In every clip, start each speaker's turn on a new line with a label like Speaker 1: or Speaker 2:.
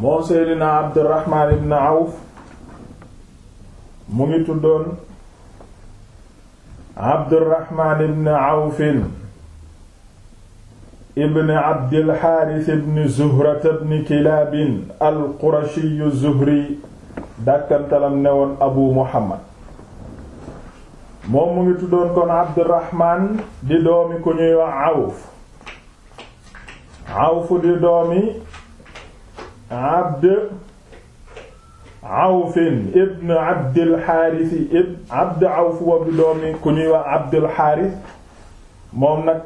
Speaker 1: moom seydina abdurahmaan ibn awf mu ngi tuddoon abdurahmaan ibn awfin ibn abdilxaaris ibn zuhrata ibn kilaabin alqurashiyu zuhri dàkkantalam ne woon abu muhammad moom mu ngi tuddoon kon abdurahmaan di doomi ku ñuy wax awf awf di doomi abd awfin ibn abdilxaaris ibn abd awf boobu doomi ku ñuy wax abdulxaaris moom nag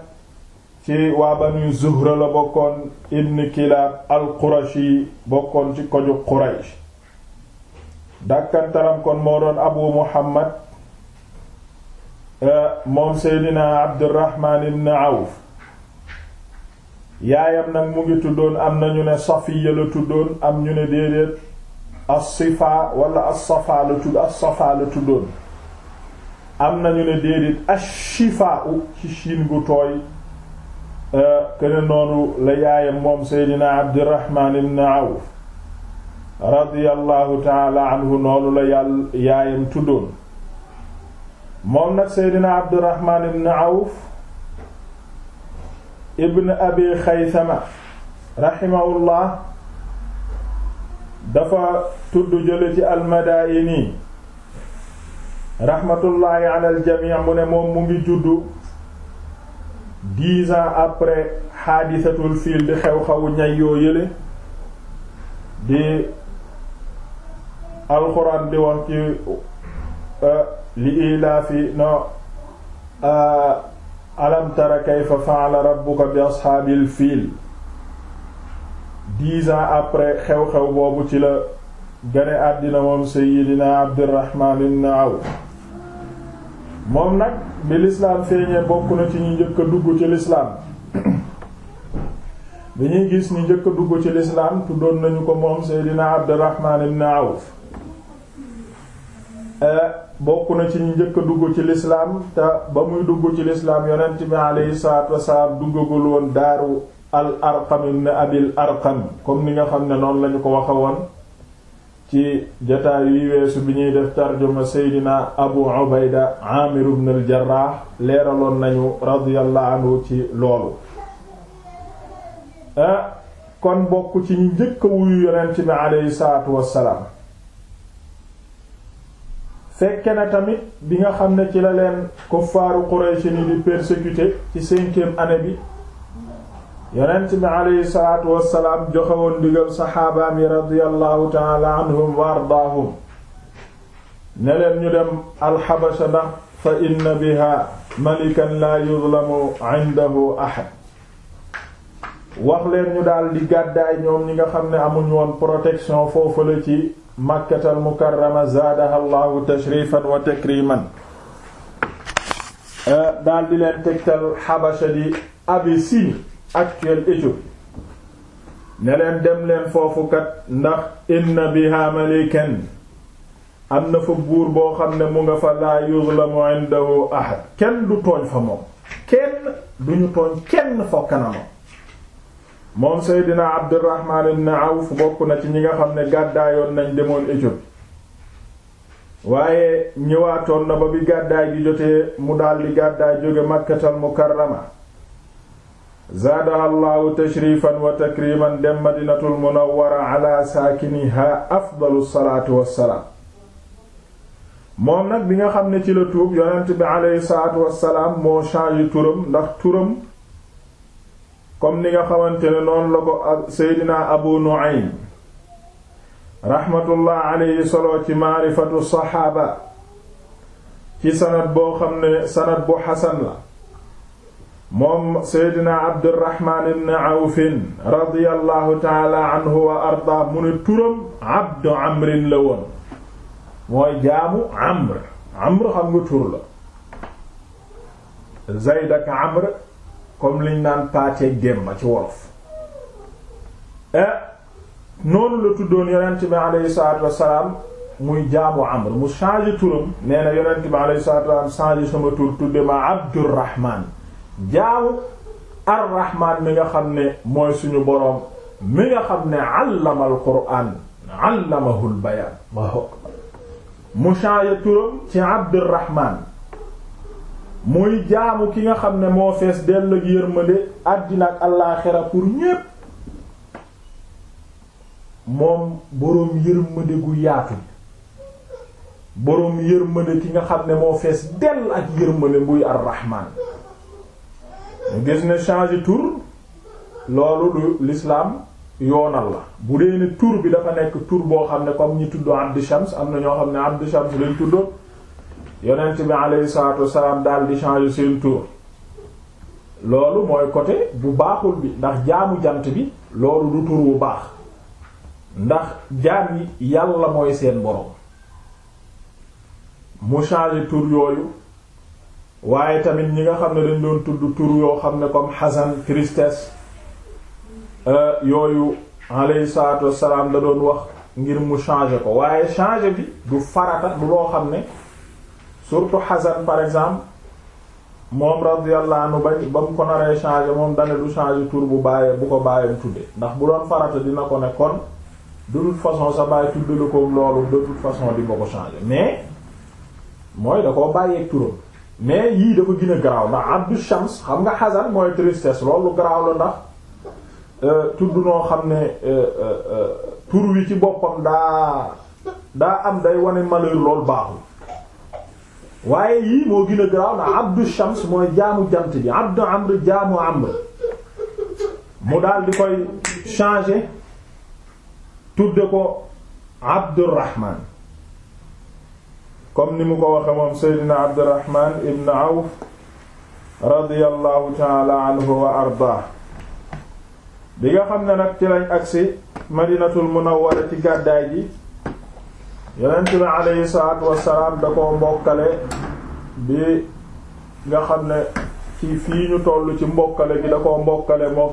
Speaker 1: ci waa banu zuhra la bokkoon ibn kilaab alqurashi bokkoon ci koju quraysh dàkkantaram kon moo doon abu muhammad eh, moom seydina abdurrahman ibn awf yaayam nag mu ngi tuddoon am na ñu ne safiya la tuddoon am ñu ne déedéet as-sifa wala as-safa la tuddoon am na ñu ne déedéet ash-shifa u ci shiin gu tooy kene euh, noonu la yaayam moom seydina abdirahman ibn awf radiyallahu taala anhu noonu la yàll yaayam tuddoon moom nag seydina abdirahman ibn awf ibn abi xaysama raximahullah dafa tudd jële ci almadaayini raxmatullaahi alal jamii mu ne moom mu ngi juddu dix ans après xaadisatul fiil di xew xawu ñay yoo yële di alxuraan di wax ci euh, li ilaafi no euh, alam tara kayfa fa'ala rabbuka bi ashaabil fiil dix après xew-xew boobu ci la gane àddina moom seydina abdirahman ibn awf moom nag bi lislaam feeñee bokk na ci ñu njëkk a dugg ci lislaam bi ñuy gis ñu njëkk a dugg ci lislaam tuddoon nañu ko moom seydina abdirahman ibn awf eh, bokk na ci ñu njëkk dugg ci lislaam te ba muy dugg ci lislaam yonent bi aleyhi salaatu wasalaam duggagul woon daaru al arqam ibn abil arqam comme ni nga xam ne noonu lañu ko waxe ci jataay yi weesu bi ñuy def tarjuma seydina abu ubayda aamir ibn al leeraloon nañu radiyallahu anhu ci loolu ah, kon bokk ci ñu njëkk a wuyu yonent bi aleyhi salaatu wasalaam fekke na tamit bi nga xam ne ci la leen kuffaaru Quraysh ni di persécuté ci cinquième année bi yonent bi aleyhi salaatu wassalaam joxe woon digal saxaabaam yi radiyallahu taala anhum wa ardaahum ne leen ñu dem alxabasha ndax fa inna biha malikan laa yuzlamu indahu wax leen ñu daal di gàddaay ñoom ñi nga xam ne amuñu woon protection foofu la ci makkatal mukarrama zaadaha allahu tashrifan wa takriman eh, daal di leen tegtal xabasha di Abyssinie actuelle Éthiopie ne leen dem leen foofu kat ndax inna biha malikan am na fa buur boo xam ne mu nga fa laa yuzlamu indahu ahad kenn du tooñ fa moom kenn duñu tooñ kenn fa kanamam moom Seydina Abdurrahman ibn Awf bokk na ci ñi nga xam ne gàddaayoon nañ demoon Éthiopie waaye ñëwaatoon na ba bi gàddaay gi jotee mu daldi gàddaay jóge Makkatal Mukarrama zaadaha Allahu tashrifan wa takriman dem Madinatul Munawwara ala saakiniha afdalu salaatu wassalaam moom bi nga xam ne ci la tuub yonent bi aleyhi salaatu wassalaam moo changé turam ndax turam comme ni nga xamante ne noonu la ko seydina abu nu'aym rahmatullah solo ci maarifatu saxaaba ci sanad boo xam ne sanad bu xasan la moom seydina abdurrahman ibn awfin radiyallahu taala anhu wa arda mu ne turam abdu amrin la woon mooy jaamu amr amr xam nga tur la zayd ak amr comme liñ naan paateeg démba ci wolof eh, noonu la tuddoon yonent bi aleyhi salaatu wassalaam muy jaamu amr mu changé turam nee na yonent bi aleyhi salaatu wassalaam changé sama tur tudde ma abdurrahman jaamu arrahman mi nga xam ne mooy suñu boroom mi nga xam ne allama al qur'an allamahul bayaan mu changé turam ci abdurrahman muy jaamu ki nga xam ne moo fees dell ak yërmande àddina ak allaaxira pour ñépp moom boroom yërmande gu yaatu boroom yërmande ki nga xam ne moo fees dell ak yërmande muy arrahman ñu gis ne changer tur loolu lu l'islam yoonal la bu dee ne tour bi dafa nekk tour boo xam ne comme ñi tudd Abd Shams am na ñoo xam ne Abd Shams lañ tudd yonent bi alayhi salaatu wasalaam daal di changer seen tur loolu mooy côté bu baaxul bi ndax jaamu jant bi loolu du tur bu baax ndax jaam yi yàlla mooy seen borom mu changer tur yooyu waaye tamit ñi nga xam ne dañ doon tudd tur yoo xam ne comme xasan tristesse euh, yooyu alayhi salaatu wasalaam da doon wax ngir mu changer ko waaye changer bi du farata du loo xam ne surtout Hasan par exemple moom radiyallahu anhu bañ ba mu ko naree changé moom dane du changé tur bu bàyyee bu ko bàyyam tudde ndax bu doon farata dina ko ne kon de façon sa bàyyi tudde la ko loolu de toute façon di nga ko changé mais mooy da koo bàyyeeg turam mais yii dafa ko a garaaw ndax Abdu Shams xam nga Hasan mooy tristesse loolu garaaw la ndax euh, tudd noo xam ne euh, euh, tur wi ci boppam daa daa am day wane malheur loolu baaxul waaye yii moo gën a na abdu shams mooy jaamu jant bi abdu amr jaamu amr mu daal di koy changer tudde ko abdurrahman comme ni mu ko waxe moom seydina abdurrahman ibn auf radiyallahu taala wa ardaa bi nga xam ne nag ci lañ agsi madinatul munawwara ci gàddaay ji yonent bi alayhi salaatu wassalaam da koo mbokkale bi nga xam ne ci fii ñu toll ci mbokkale bi da ko mbokkale moom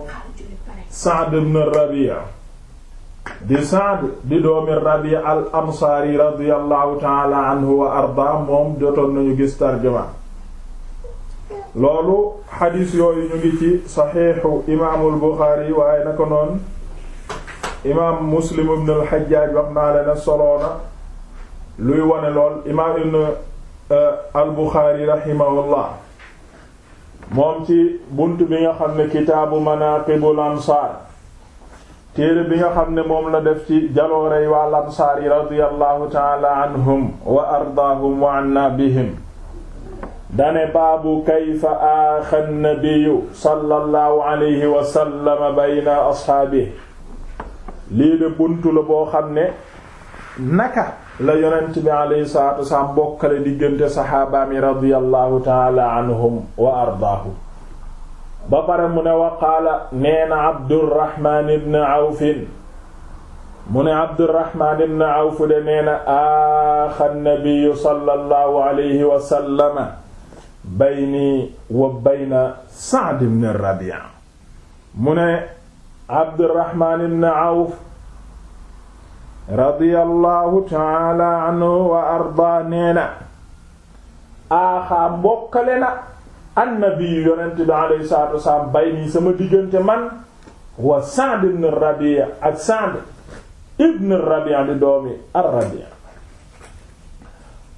Speaker 1: Sa'd ibn Rabi'a di Sa'd di doomi Rabi'a al Ansaari radiyallahu ta'ala wa arda moom jotoon nañu gis tarjuma loolu xadiis yooyu ñu ngi ci saxiixu imaamul Buxaari waaye naka noonu imaam Muslim ibn al Hajjaaj wax naa leen soloona luy wane lool imaam ibn eh, al Buxaari rahimahullah moom ci bunt bi nga xam ne kitaabu manaqibul ansaar téere bi nga xam ne moom la def ci jaloorey waa lansaar yi radiyallahu taala anhum wa ardaahum wa anna bihim dane baabu kayfa aaxa nabiyu sallallahu alayhi wa sallam bayna asxaabihi lii de bunt la boo xam ne naka la yonent bi alayhi salaatu wasalaam bokkale diggante saxaabaami radiyallahu taala anhum wa ardaahum ba pare mu ne waqaala nee na abdurrahmaan ibn awfin mu ne abdurrahmaan ibn awf de nee na aaxa nabiyu sallallahu alayhi wa sallama bayni wa bayna sa'd ibn rabi'a mu ne abdurrahmaan ibn awf radiyallahu taala anhu wa arda nee na aaxaa mbokkale na annabi yonent bi alayhi salatu wasalaam bay nii sama diggante man wa Sa'd ibn Rabi' ak Sa'd ibn Rabi' di doomi ar-Rabi'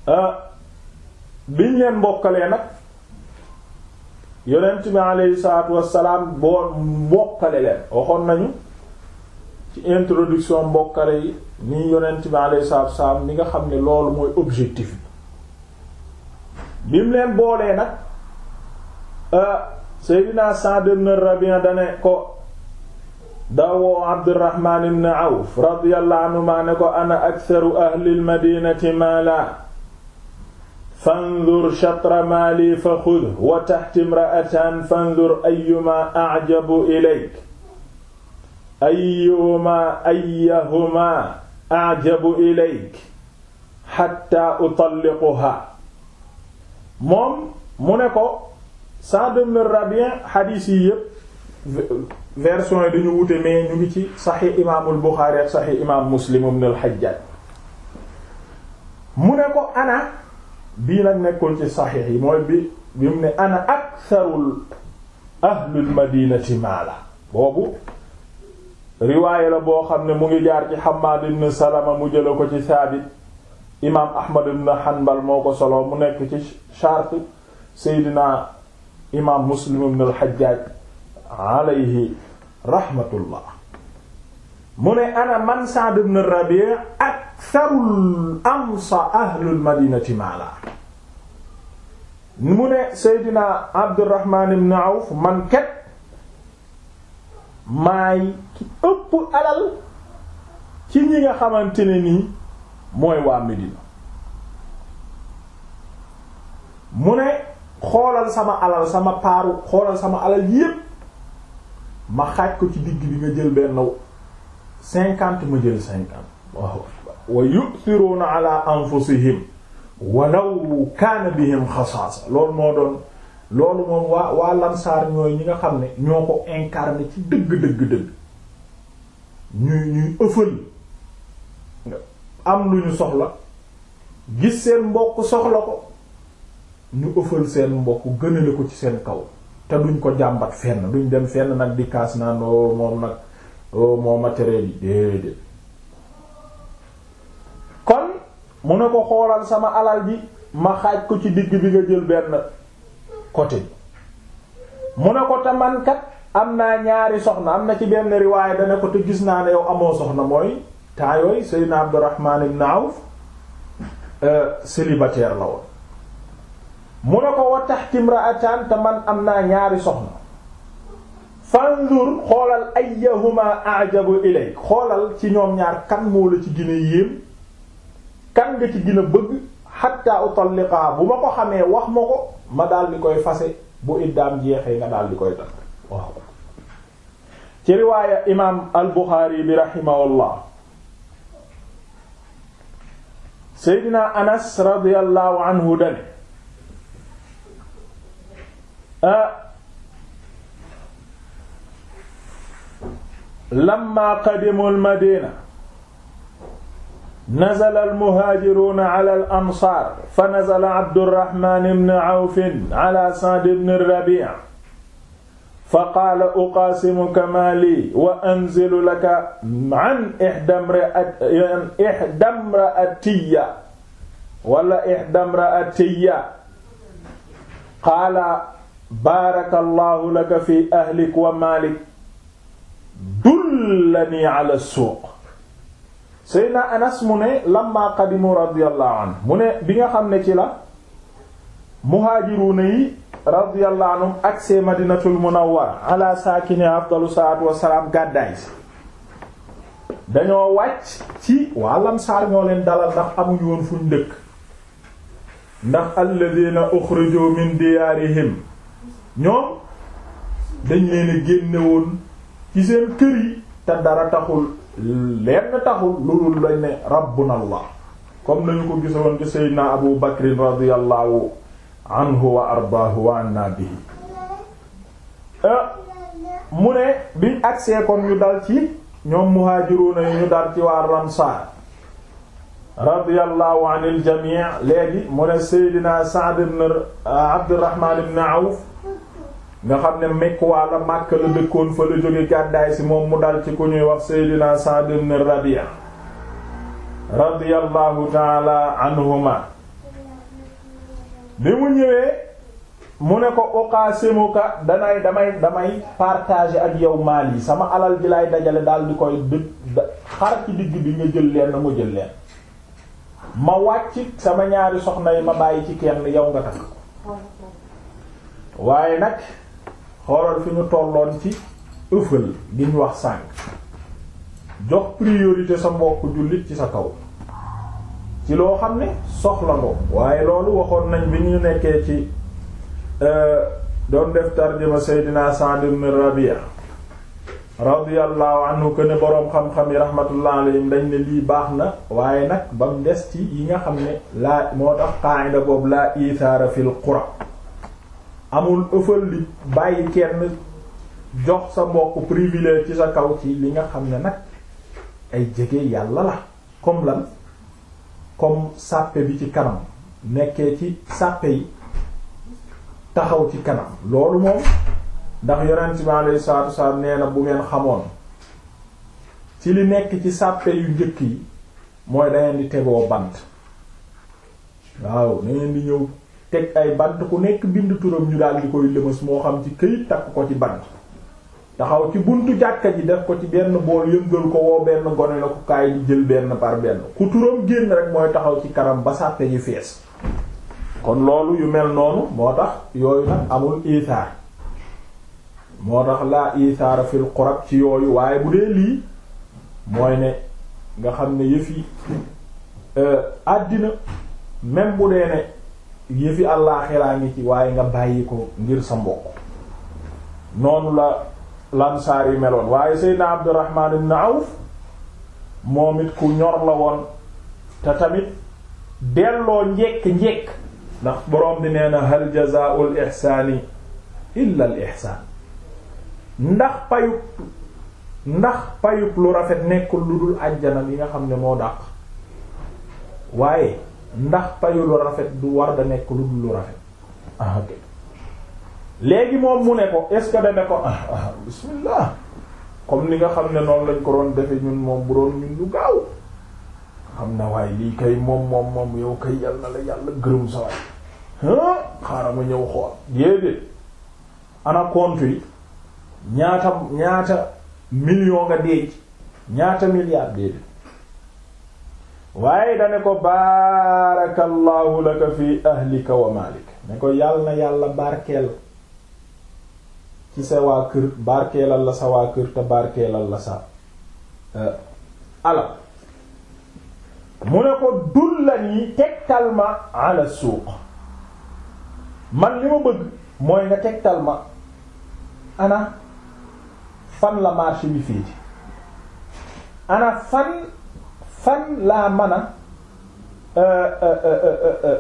Speaker 1: ah, biñ leen mbokkalee nag yonent bi alayhi salatu wasalaam boo mbokkale leen waxoon nañu ci introduction mbokkare yi ni yonent bi alayhi salaatu wa salaam ni nga xam ne loolu mooy objectif bi mu leen boolee nag euh, Seydina Sa'd ibn Rabi'a dane ko dawoo Abdurrahman ibn Awf radiyallahu anhu maa ne ko ana aktharu ahlil madinati maala fanzur shatra maali fa xudh wa tahta imra'atan fanzur ayyuma a'jabu ilayk ayyuhuma ayyuhuma ajabu ilayk hatta utalliquha moom mu ne ko Sa'd ibn Rabi' xadiis yi yépp version wute mais ñu ngi ci saxi imaamul Buxaari ak saxi imaam Muslim ibn al-Hajjaj ne ko ana bii nag nekkul ci saxiix y mooy bi bi mu ne ana aktharul ahlul madinati maala boobu riwaaya la boo xam ne mu ngi jaar ci Hammaad ibn Salama mu jëla ko ci Saabit imaam Ahmad ibn Hanbal moo ko solo mu nekk ci charte Seydina imaam Muslim ibn al-Hajjaj alayhi rahmatullah mu ne ana man Sa'd ibn Rabi' aktharul amsa ahlul madinati maala mu ne Seydina Abdurrahman ibn Awf man kat maay ki ëpp alal ci ñi nga xamante ne nii mooy waa Medina mu ne xoolal sama alal sama paaru xoolal sama alal yépp ma xaaj ko ci digg bi nga jël benn cinquante ma jël cinquante waaw wa yu'thiruna ala anfusihim walaw kana bihim xasaasa loolu moo doon loolu moom waa waa lansaar ñooy ñi nga xam ne ñoo ko incarné ci dëgg dëgg dëgg ñuy ñuy ëffal am lu ñu soxla gis seen mbokk soxla ko ñu ëffal seen mbokk gënale ko ci seen kaw te duñ ko jàmbat fenn duñ dem fenn nag di kaas naan o oh, moom nag o oh, moo matériel yi déedéet kon mu ne ko xoolal sama alal bi ma xaaj ko ci digg bi nga jël benn côté bi mu ne ko te mankat am naa ñaari soxna am na ci benn riwaaya dana ko te gis naa ne yow amoo soxna mooy temps yooyu Seydina Abdurrahman ibn Awf euh, célibataire la woon mu ne ko wa tahti imra'atan te man am naa ñaari soxna fanzur xoolal ayyahuma a'jabu ilayk xoolal ci ñoom ñaar kan moo la ci gën yéem kan nga ci gën bëgg hatta utalliqaa bu ma ko xamee wax ma ko ma daal di koy fase bu iddaam jeexee nga daal di koy takk waaw ci riwaaya imaam al Buxaari bi rahimahullah seydina anas radiyallahu anhu dane ah, lamma qadimu al madina nazala almuhaajiruuna ala al ansaar fa nazala abdurrahman ibn awf ala sa'd ibn rabi' fa qaala uqaasimuka maa lii wa anzilu laka an ihdaa imra'atiyya wala ihdaa imra'atiyya qaala baaraka allahu laka fi ahlik wa maalik dullanii ala suuq Seyna Anas mu ne lamma qadimu radiyallahu mu ne bi nga xam ne ci la muhaajiruuna yi radiyallahu anhum akse madinatul munawwara ala saakini afdalu salaatu wassalaam gàddaay si dañoo wàcc ci waa lamsaar ñoo leen dalal ndax amuñu woon fuñ dëkk ndax alladhina ukhrijoo min diyaarihim ñoom dañ leen génne woon ci seen kër yi te dara taxul lenn taxul loolu lañ ne rabbuna allah comme nañu ko gisoon ci seydina abu bakrin radiallahu anhu wa ardaahu wa anna bihi euh, mu ne biñ agsee kon ñu dal ci ñoom muhaajiruuna yi ñu dal ci waa ramsaar radiallahu an il jamii mu ne seydina sa'd ibn abdurrahman ibn awf nga xam ne Mikwa la Makka la dëkkoon fa la jóge gàddaay si moom mu dal ci ku ñuy wax Seydina Sa'd ibn Rabi'a radiyallahu taala anhuma bi mu ñëwee mu ne ko uqasimuka danay damay damay partager ak yow maal yi sama alal ji lay dajale daal di koy dë xar ci digg bi nga jël leen na mu jël leen ma wàcc sama ñaari soxna yi ma bàyyi ci kenn yow nga takk waaye nag xoolal fi ñu tolloon ci ëffal gi wax sànk jox priorité sa mbokk jullit ci sa kaw ci loo xam ne soxla ngo waaye loolu waxoon nañ bi ñu nekkee ci euh, doon def tarjuma Seydina Sa'd ibn Rabi'a radiyallahu anhu que ne boroom xam-xam yi rahmatullah alayhim dañ ne lii baax na waaye nag ba des ci yi nga xam ne laa moo tax qaa'ida boobu laa ithaara fil qura amul ëffal li bàyyi kenn jox sa mbokk privilège ci sa kaw ci li nga xam ne nag ay jege yàlla la comme lan comme sàppe bi ci kanam nekkee ci sàppe yi taxaw ci kanam loolu moom ndax yonent bi alayhi salaatu wasalaam nee na bu ngeen xamoon ci li nekk ci sàppe yu njëkk yi mooy dangeen di tegoo bant waaw dangeen di ñëw teg ay bant ku nekk bind turam ñu daal di koy lëmas moo xam ci këyit takk ko ci bant taxaw ci buntu jàkka ji def ko ci benn bool yëngal ko woo benn gone la ko kaay di jël benn par benn ku turam génn rek mooy taxaw ci kanam ba sàppe yi fees kon loolu yu mel noonu moo tax yooyu nag amul isaar moo tax laa isaara fil xurab ci yooyu waaye bu dee lii mooy ne nga xam ne yëf yi euh, àddina même bu dee ne yëfi àllaaxiraa ngi ci waaye nga bàyyi ko ngir sa mbokk noonu la lansaar yi meloon waaye seydna abdurrahman ibn awf moom it ku ñor la woon te tamit delloo njekk-njekk ndax boroom bi nee na hal jazaa'ul ihsaani illa al ndax payub ndax payub lu rafet nekkul lu dul àjjana yi nga xam ne moo daq waaye ndax payu rafet du war da nekk lu dul rafet ah, léegi moom mu ne ko est ce ko ah, ah, bismillah comme ni nga xam ne noonu lañ ko doon defe ñun moom bu doon ñun lu gaaw xam na waaye lii kay moom moom moom yow kay yàlla la yàlla gërëm sa waay xaaral ma ñëw xool déedéet ana compte yi ñaata ñaata million nga deej ñaata milliard déedéet waaye da ne ko baarakallahu laka fi ahlika wa maalik ne ko yàlla na yàlla barkeel ci sa waa kër barkeelal la sa waa kër te barkeelal la sa eh, alal mu ne ko dullani la ma ala suuq man li tegtal ma ana fan la marché bi féete ana fan fan laa mën a euh, euh, euh,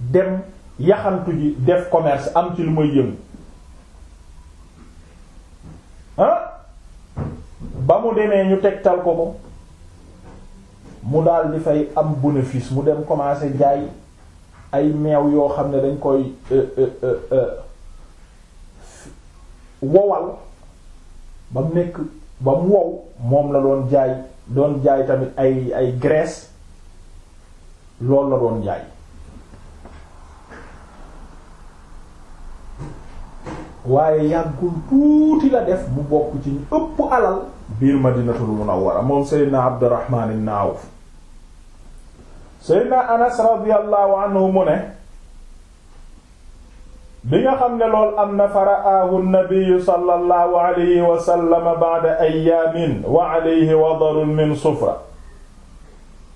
Speaker 1: dem yaxantu ji def commerce am ci lu may yëngu ah ba mu demee ñu tegtal ko ko mu daal di fay am bénéfice mu dem commencer jaay ay meew yoo xam ne dañ koy wowal ba mu nekk ba mu wow moom la doon jaay doon jaay tamit ay ay graisse loolu la doon jaay waaye yàggul tuuti la def bu bokk ci ñu ëpp alal biir madinatul munawwara moom seydna abdurrahman seydna anas radiyallahu anhu mu ne bi nga xam ne lool am na faraahu nabiyu sallallahu alayhi wa sallam ba'da ayyaamin wa alayhi wadarun min sufra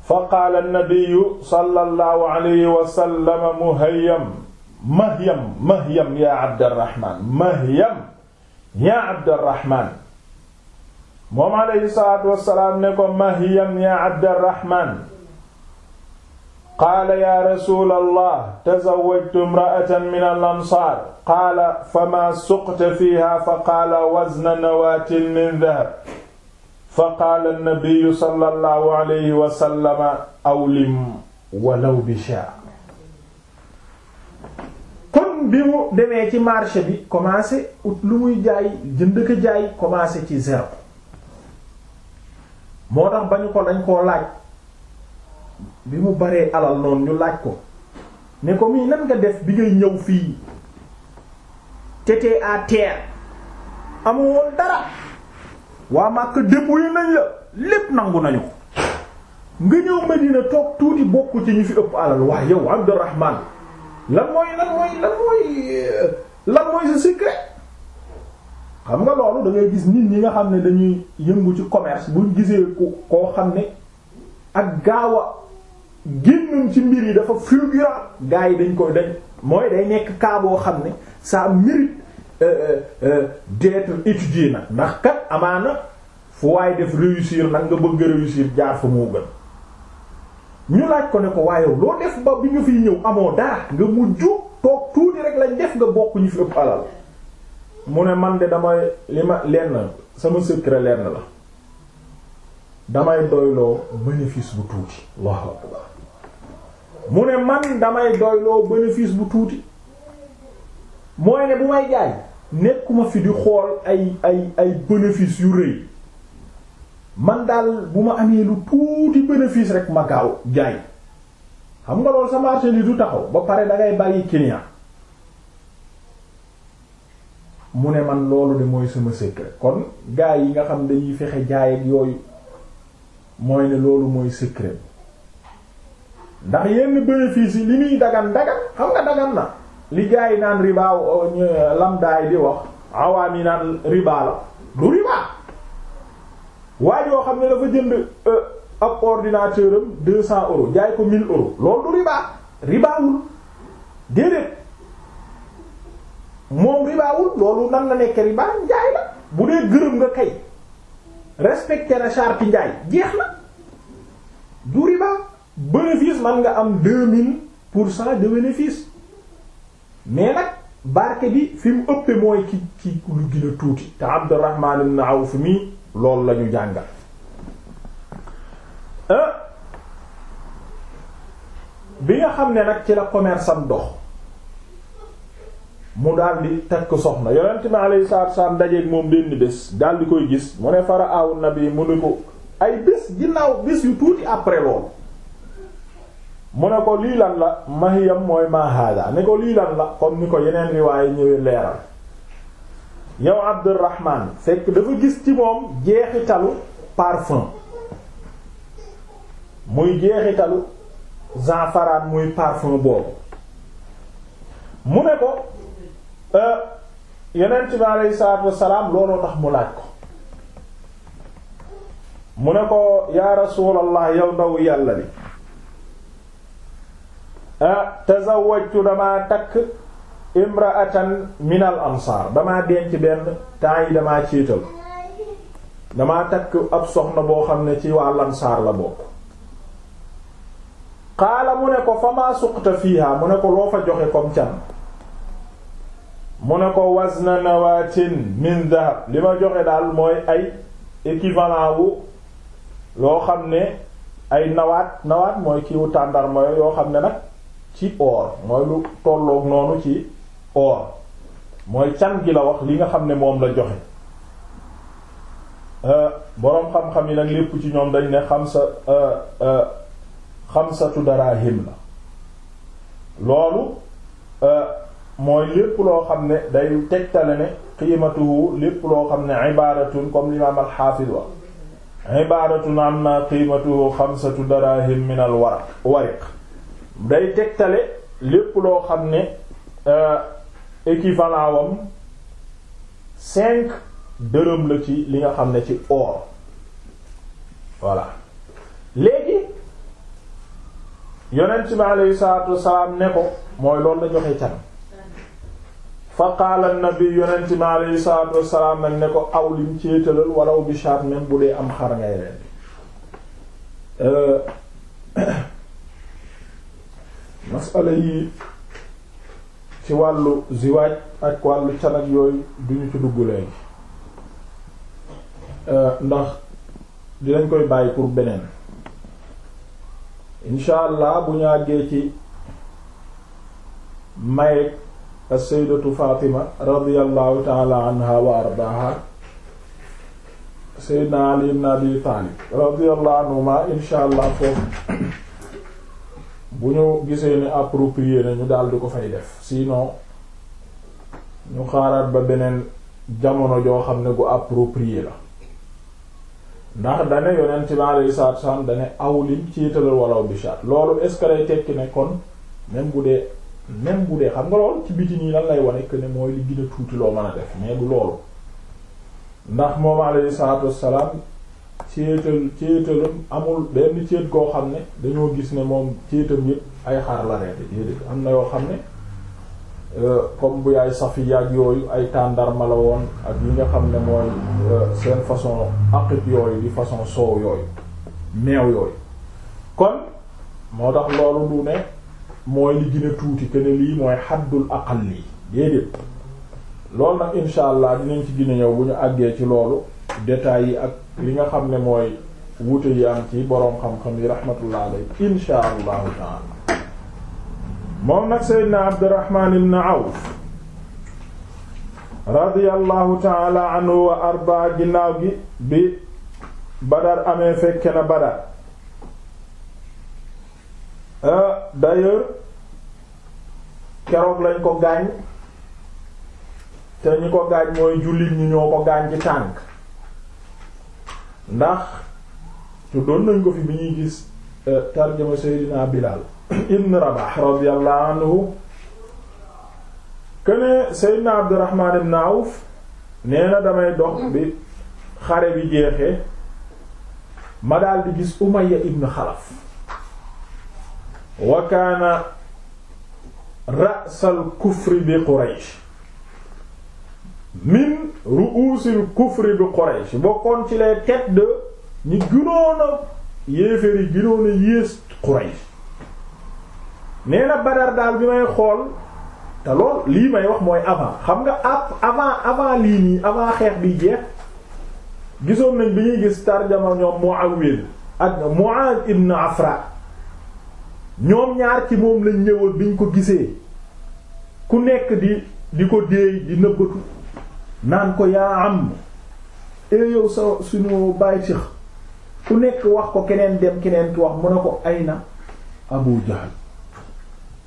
Speaker 1: fa qaala nabiyu sallallahu alayhi wa sallam muhayyam mahyam mahyam yaa abdarrahman mahyam yaa abdarrahman moom alayhi salaatu wa salaam ne ko mahyam yaa abdarrahman qaala yaa rasuulallah tazawwajtu imra'atan min al-ansaar qaala famaa suqta fiihaa fa qaala wazna nawaatin min dahab fa qaala an-nabiyyu sallallahu alayhi wa sallam awlim walaw bi shaa kon bi mu demee ci marché bi commencé ut lu muy jaay jënd ko jaay commencé ci zéro moo tax bañu ko dañ koo laaj bi mu baree alal noonu ñu laaj ko ne ko mii nan def bi ngay ñëw fii tete à terre amu woon dara waa Màkka dépouillé nañ la lépp nangu nañu nga ñëw Medina toog tuuti bokk ci ñu fi ëpp alal waa yow Abdurrahman lan mooy lan mooy lan mooy euh, lan mooy sa xam nga loolu dangay gis nit ñi nga xam ne dañuy yëngu ci commerce buñ gisee ko koo xam ne ak gaawa génnam ci mbir yi dafa fulgurant gars yi dañ koy dañ mooy day nekk cas boo xam ne ça mérite euh, euh, euh, d'être étudié nag ndax kat amaana fu waaye def réussir nag nga bëgg réussir jaar fa moo gën ñu laaj ko ne ko waaye loo def ba bi nga fiy ñëw amoo dara nga mujj toog tuuti rek lañ def nga bokku ñu fi ëpp alal mu ne man de damay li ma lenn sama secret lenn la damay doyloo bénéfice bu tuuti Allahu akbar mu ne man damay doyloo bénéfice bu tuuti mooy ne bu may jaay nekkuma fi di xool ay ay ay bénéfice yu rëy man daal bu ma amee lu tuuti bénéfice rek ma gaaw jaay xam nga loolu sa marché li du taxaw ba pare dangay bari client mu ne man loolu de mooy sama secret kon gaa yi nga xam dañuy fexe jaay yooyu mooy ne loolu mooy secret ndax yenn bénéfice yi li muy dagan dagan xam nga dagan na li gars naan riba lamdaay di wax awaam yi naan riba la du riba waaye yoo xam ne dafa jënd e, ab ordinateur deux cent euros jaay ko mille euros loolu du riba ribaawul déedéet moom ribaawul loolu nan la nekk riba njaay la bu dee gërëm nga kay respecté na charte njaay jeex na du riba bénéfice man nga am deux mille pour cent de bénéfice mais nag barke bi fi mu ëppee mooy ki ki lu gën a tuuti te Abdurrahman ibn Awf mi loolu la ñu jàngal euh, bi nga xam ne nag ci la commerce dox mu daal di takk soxna yonent bi alayhi salaatu wassalaam dajeeg moom benn bés daal koy gis mu ne fara aw nabi mu ne ko ay bés ginnaaw bés yu tuuti après loolu mu ne ko lii lan la mahiyam mooy ma hada ne ko lii lan la comme ni ko yeneen riwaaye ñëwee leeral yow Abdurrahman fekk dafa gis ci moom jeexitalu parfum muy jeexitalu zanfaraan muy parfum boobu mu ne ko euh, yonent bi aleyhi salaatu wassalaam looloo tax mu laaj ko mu ne ko yaa rasuulallah yow ndaw yàlla li tazawwajtu damaa takk imraatan min al ansaar damaa denc benn temps yi damaa ciital damaa takk ab soxna boo xam ne ci waa lansaar la bokk xaala mu ne ko famaa suqta fiiha mu ne ko loo fa joxe comme can mu ne ko wazna nawaatin min li ma joxe daal mooy ay équivalent wu loo xam ne ay nawat nawaat mooy kiiwu tàndar yoo xam ne nag ci or mooy lu tolloog noonu ci or mooy can gi la wax li nga xam ne moom la joxe euh, boroom xam-xam yi nag lépp ci ñoom dañ ne xamsa euh, euh, xamsatu darahim la loolu mooy lépp loo xam ne day tegtale ne qiimatuhu lépp loo xam ne ibaratun comme l'imam al-hafiz wa ibaratun amma xamsatu darahim min al waraq wariq day tegtale lépp loo xam ne euh, équivalent wam cinq dërëm la ci li nga xam ne ci or voilà léegi yonent bi aleyhi salaatu wasalaam ne ko mooy loolu la joxe can fa qaala nabi yonent bi aleyhi salaatu wasalaam nag ne ko aw lim céetalal walaw bi shaat bu dee am xar ngay rendi euh, masala yi ci wàllu ziwaaj ak wàllu canag yooyu duñu ci dugg léegi euh, ndax dinañ koy bàyyi pour beneen incha allah bu ñu àggee ci mayeg as-sayyidatu Fatima radiyallahu taala anha wa ardaha sayyidina Ali ibn Abi Talib radiyallahu anhuma incha allah foofu bu ñu gisee ne approprié na ñu daal di ko fay def sinon ñu xaaraat ba beneen jamono joo xam ne gu approprié la ndax dane yonent bi alayhi salaatu salaam dane aw lim ciitalal walaw bishaat loolu est-ce que lay tekki ne kon même bu dee même bu dee xam nga loolu ci biti nii lan lay wane que ne mooy li gën a tuuti loo mën a def mais du loolu ndax moom alayhi salaatu salaam céetal céetalam amul benn céet koo xam ne dañoo gis ne moom céetam yëpp ay xar la reete déedéet am na yoo xam ne euh, comme bu yaay safi yooyu ay tàndarma la woon ak yi nga xam ne mooy euh, seen façon aqit yooyu li façon soow yooyu meew yooyu kon moo tax loolu du ne mooy li gën tuuti que ne lii mooy xaddul aqal lii déedéet loolu nag insha allah dinañ ci gën ñëw bu ñu àggee ci loolu détails yi ak li nga xam ne mooy wuute yi am ci boroom xam-xam yi rahmatullah alayhi insha allahu taala moom nag seydna abdirahman ibn awf radiyallahu taala anhu wa arba ginnaaw gi bi badar amee fekke na badar euh, d'ailleurs keroog lañ ko gaañ te ñi ko gaañ mooy jullit ñi ñoo ko gaañ ci tànk ndax tuddoon nañ ko fi bi ñuy gis euh, tarjama Seydina Bilal ibn Rabah radiyallahu anhu Seydina Abdurrahman ibn Awf nee damay dox bi xare bi jeexee ma daal di gis Umayya ibn Xalaf wa kaana kufri bi Quraysh min ru'usil kufri bi Quraysh bokkoon ci les têtes de ñi gënoon a yéeféer yi gënoon a yées nee na Badar daal bi may xool te lool lii may wax mooy avant xam nga ab avant avant lii nii avant xeex bi jeex gisoon nañ bi ñuy gis tarjama ñoom Muawil ak Muaz ibn Afra ñoom ñaar ci moom lañ ñëwoon biñ ko gisee ku nekk di di ko déey di nëbbatu naan ko yaa am ee eh, yow sa suñu bàyyi tix ku nekk wax ko keneen dem keneen ki wax mu ne ko ay na Abu Jahl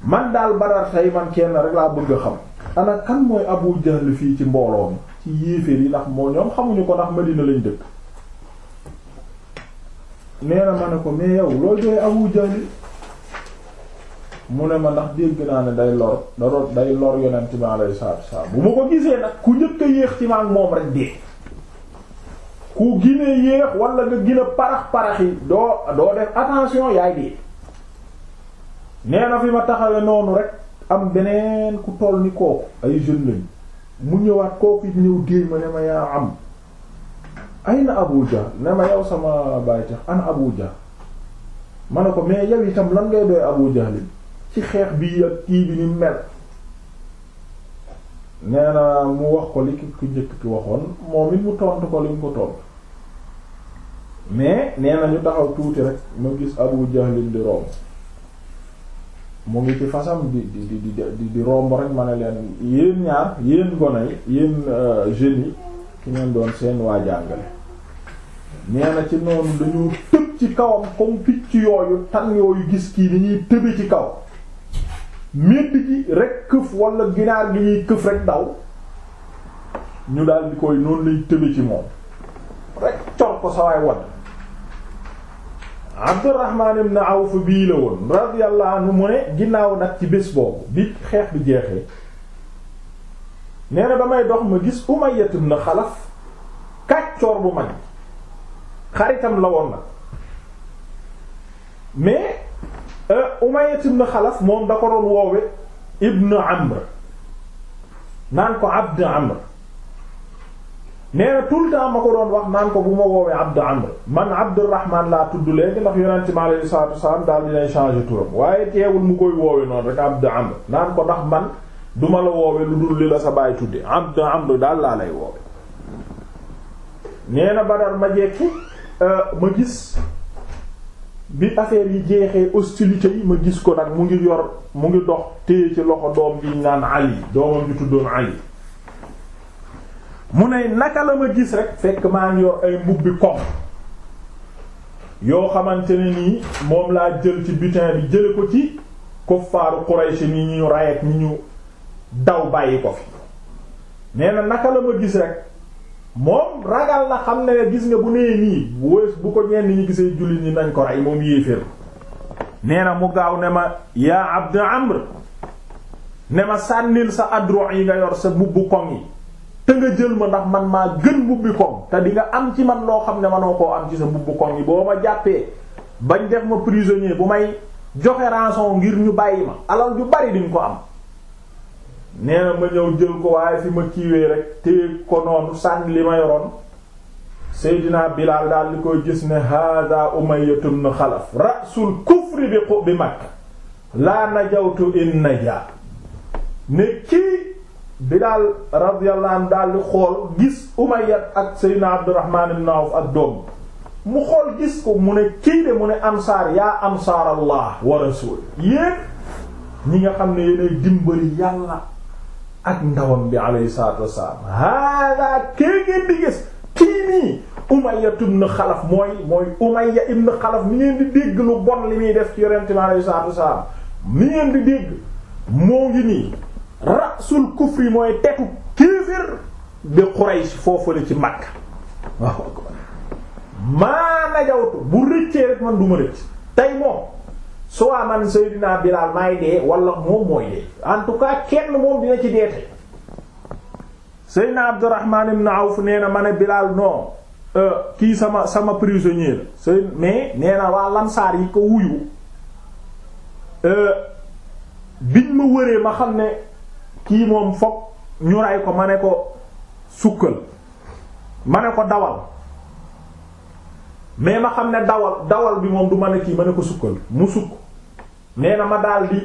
Speaker 1: man daal Badar tey man kenn rek laa bëgg a xam ana kan mooy Abu Jahl fii ci mbooloo mi ci yéeféer yi ndax moo ñoom xamuñu ko ndax Madina lañ dëkk nee na ma ne ko mais yow loo joxe Abu Jahl mu ne ma ndax dégg naa ne day lor da doon day lor yonent bi alayhi salaatu wassalaam bu ma ko gisee nag ku njëkk a yéex ci maag moom rek dee ku ginee yéex wala nga gina parax parax yi doo doo def attention yaay dee nee na fi ma taxawee noonu rek am beneen ku tool ni kooku ay jeune mu ñëwaat kooku it ñëw déey ma ne ma yaa am ay na Abuja ne ma yow sama bàyyi tax ana Abuja ma ne ko mais yow itam lan ngay doy Abuja li ci xeex bi ak kii bi ni mel nee na mu wax ko li ki njëkk ki waxoon moom it mu tontu ko li ko tontu mais nee na ñu taxaw tuuti rek ma gis Abu Jahl di romb mu ngi ci façon di di di di di romb rek ma ne leen yéen ñaar yéen gone yi yéen euh, jeunes yi ki ngeen doon seen waa jàngale nee na ci noonu dañoo tëb ci kawam comme picc yooyu tan yooyu gis kii ni ñuy tëbe ci kaw medd ji rek këf wala ginaar gi ñuy këf rek daw ñu daal di koy noonu lay tëbe ci moom rek cor ko sawaay wadd Abdurrahman ibn Awf bii la woon radiyallahu anhu mu ne ginnaaw nag ci bés boobu bi xeex bi jeexee nee na damay dox ma gis Umayya ibn Xalaf kàccoor bu mag xaritam la woon nag mais Euh, Umayya ibn Xalaf moom da ko doon woowe ibn Amr naan ko Abd Amr nee na tout le temps ma ko doon wax naan ko bu ma woowe Abd Amr man Abdurrahman laa tudd léegi ndax yonent mi alayhi salaatu wasalaam daal dinay changer turam waaye teewul mu koy woowe noonu rek Abd Amr naan ko ndax man duma la woowe lu dul li la sa baay tudde Abd Amr daal laa lay woowe nee Badar ma jekki euh, ma gis bi affaire yi jeexee hostilité yi ma gis ko nag mu ngi yor mu ngi dox téye ci loxo doom bi naan Ali doomam bi tuddoon Ali mu ne naka la ma gis rek fekk maa ngi yor ay mbubbi koŋ yoo xamante ne nii moom laa jël ci butin bi jële ko ci kuffaaru Quraysh ni ñu rayet ni ñu daw bàyyi ko fi nee na naka la ma gis rek moom ragal na xam ne gis nga bu nee nii wées bu ko ñenn ñu gisee jullit ñi nañ ko rey moom yéeféer nee na mu gaaw ne ma yaa abd amr ne ma sànnil sa adro yi nga yor sa bubbu koŋ yi te jël ma ndax man maa gën bubbi koŋ te di nga am ci man loo xam ne manoo ko am ci sa bubbu koŋ yi boo ma jàppee bañ def ma prisonnier bu may joxe rançon ngir ñu bàyyi ma alal ju bari diñ ko am nee na ma ñëw jël ko waaye fi ma kiiwee rek téye ko noonu sànni li ma yoroon Seydina Bilaal daal di koy gis ne hada Umayya ibn Xalaf rasul kufri bi xu bi Makka laa najawtu in naja ne kii Bilaal radiyallahu daal di xool gis Umayya ak Seydina Abdurrahman ibn Awf ak doom mu xool gis ko mu ne kii de mu ne ansaar yaa ansaar wa rasul yéen ñi nga xam ne yéenay dimbali yàlla ak ndawam bi alayhi salaatu wassalaam hada kee ngeen di gis kii nii Umayya ibn Xalaf mooy mooy Umayya ibn Xalaf mi ngeen di dégg lu bon li muy def ci yonent bi alayhi salaatu wassalaam mi ngeen di dégg moo ngi nii rasul kufri mooy tetu kéefër bi Quraysh foofu la ci Makka waaw maa najawtu bu rëccee rek man du rëcc tey moom soit man Seydina Bilal maay dee wala moom mooy dee en tout cas kenn moom dina ci dee tey Seydina Abdurrahman ibn Awf nee na ma ne Bilal non euh, kii sama sama prisonnier la mais nee na waa Lansaar yi ko wuyu euh, biñ ma wëree ma xam ne kii moom fokk ñu ray ko ma ne ko sukkal ma ne ko dawal mais ma xam ne dawal dawal bi moom du ma ne kii ma ne ko sukkal mu sukk nee na ma daldi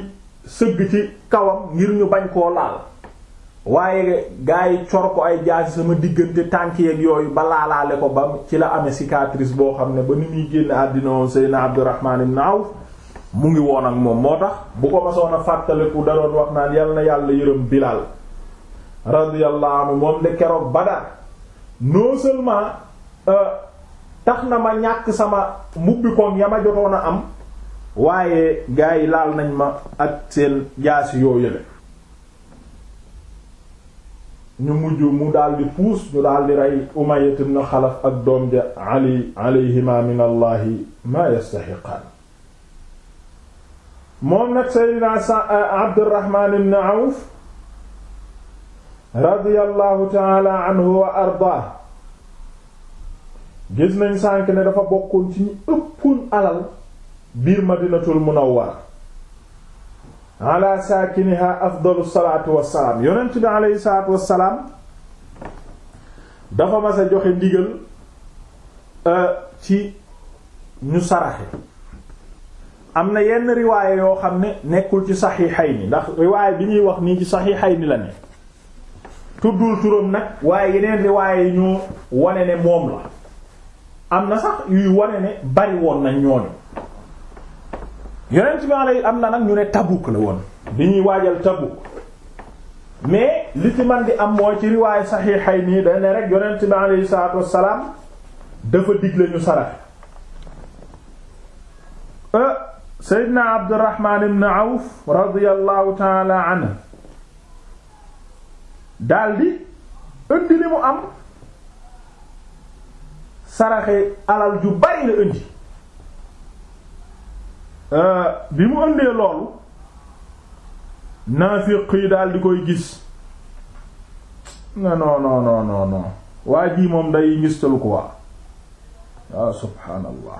Speaker 1: sëgg ci kawam ngir ñu bañ koo laal waaye gaa yi cor ko ay jaasi sama diggante tànk yeeg yooyu ba laalaale ko ba ci la amee cicatrice boo xam ne ba ni muy génn àddina woon Seydina Abdurrahman ibn Awf mu ngi woon ak moom moo tax bu ko masoon a fàttaliku da wax naan yal na yàlla yërëm Bilal radiyallahu moom de keroog Badar non seulement euh, tax na ma ñàkk sama mubbi koom ya ma jotoon a am waaye gars yi laal nañ ma ak seen jaasi yoo yële ñu mujj mu daldi di puus ñu daal rey Umayya ibn Xalaf ak doom ja Ali min allahi ma yastaxiqaan moom nag Seydina eh, Abdurrahman ibn Awf radiyallahu taala wa ardaa gis nañ sànk ne dafa bokkoon ci ñu ëppoon alal biir madinatul munawwara ala saakiniha afdalu salaatu wassalaam yonent bi aleyhi salaatu wassalaam dafa mas a joxe ndigal euh, ci ñu saraxe am na yenn riwaaya yoo xam ne nekkul ci saxiixayni ndax riwaaya bi ñuy wax nii ci saxiixayni la ne tuddul turam nag waaye yeneen riwaaya yi ñu wane ne moom la am na sax yuy wane ne bari woon na ñooñu yonent bi alayhi am na nag ñu ne Tabuk la woon bi ñuy waajal Tabuk mais li ci man di am moo ci riwaay saxiixay nii day ne rek yonent bi alayhi salaatu wassalaam dafa digle ñu saraxe euh, Seydina Abdurrahman ibn Awf radiyallahu taala anhu daldi indi li mu am saraxe alal ju bari la indi bi mu ëndee loolu naafiq yi daal di koy gis non non non non non waa jii moom day ngistalu ko waa ya ah, subhaanallah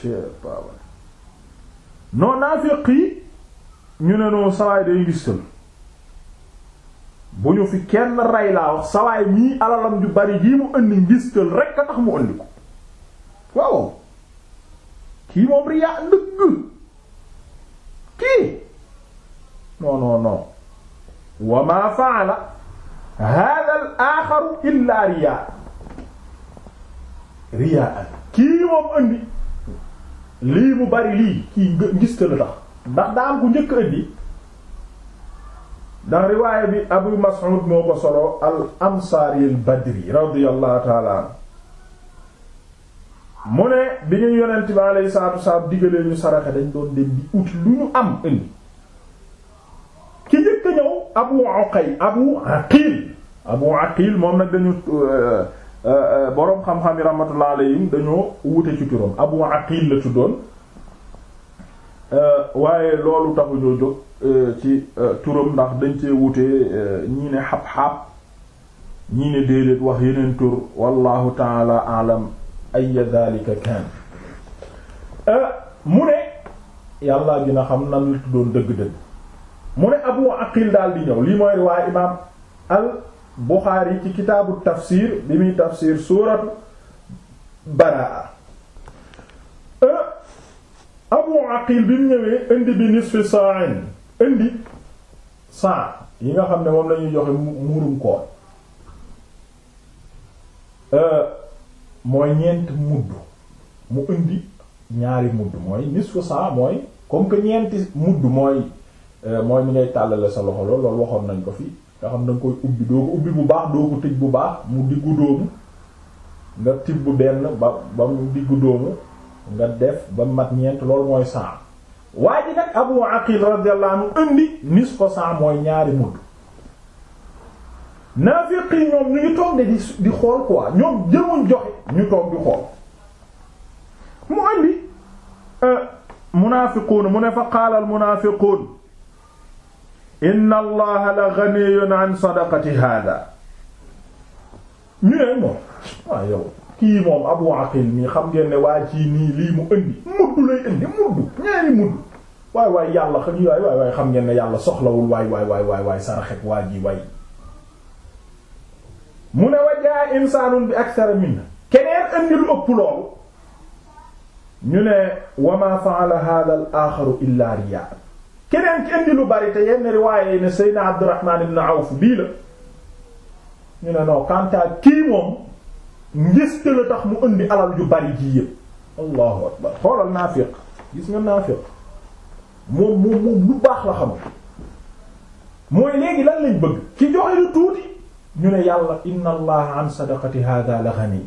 Speaker 1: chebaba yi ñu ne noo sawaay day ngistal bu ñu fi kenn rey laa wax sawaay mii alalam ju bari jii mu ëndi ngistal rekk a tax mu ëndi ko waaw kii moom riyaa ndëgg kii non non non wa maa faala hada al axaru illa riyaa riyaa kii moom andi lii mu bari lii kii gis la tax ndax daa am ku njëkk andi ndax riwaaya bi Abu Mas'ud moo ko solo al ansaari al badri radiyallahu ta'ala anhu mu ne bi ñu yonent bi alayhi salaatu wasalaam digalee ñu saraxe dañ doon dem di ut lu ñu am indi ki njëkk ñëw abu uqay abu aqil abu aqil moom nag dañu euh, euh, euh, boroom xam-xam yi rahmatullah alayhim dañoo wute ci turam abu aqil la tuddoon waaye loolu taxu ñoo jóg ci turam ndax dañ cee wute ñii ne xab-xab ñii ne déedéet wax yeneen tur wallahu taala alam ay dhalika kaan euh, mu ne yàllaa dina xam na la tuddoon dëgg-dëgg mu ne abu aqil daal di ñëw lii mooy riwaaya imaam al buxaari ci kitaabu tafsir bi muy tafsir suuratu baraa euh, abu aqil bi mu ñëwee indi bi nisfi sa'in indi saa yi nga xam ne moom lañuy joxe muurum koor euh, mooy ñeent mudd mu indi ñaari mudd mooy nisfu saa mooy comme que ñeenti mudd mooy euh, mooy mi ngay tàllale sa loxo loolu waxoon nañ ko fii nga xam da koy ubbi doo ko ubbi bu baax doo ko tëj bu baax mu diggu doomu nga tibb benn ba ba mu diggu doomu nga def ba mat ñeent loolu mooy saa waaye ji nag Abu Aqil radiyallahu anhu indi nisfu saa mooy ñaari mudd naafiq yi ñoom ñu ngi toog de di xool quoi ñoom jëmuñ joxe ñu toog di xool mu andi euh, munaafiquun mu ne fa qaala al munaafiquun inna allaha la ghaniyyun an sadaqati haadaa ñu ne moom waaw ah, yow kii moom abu aqil mii xam ngeen ne waa ci mu indi mudd lay indi mudd ñaari mudd waay waay yàlla xam waay waay waay xam ngeen ne yàlla soxlawul waay waay waay waay waay saraxek waa waay mu ne wajaa insaanun bi akthara min keneen indi lu ëpp loolu ñu wa ma fa'ala hadha al illa riya keneen ki indi lu bari te yenn riwaaye yi ne Seydina Abdurrahman ibn Awf bii la ñu ne non kantaa kii moom ngiste la tax mu indi alal ju bari ji yëpp allahu akbar xoolal naafiq gis nga naafiq moom moom baax la xam mooy léegi lan lañ bëgg ki joxe lu tuuti ñu ne yàlla inna allaha an sadaqati hada la ghani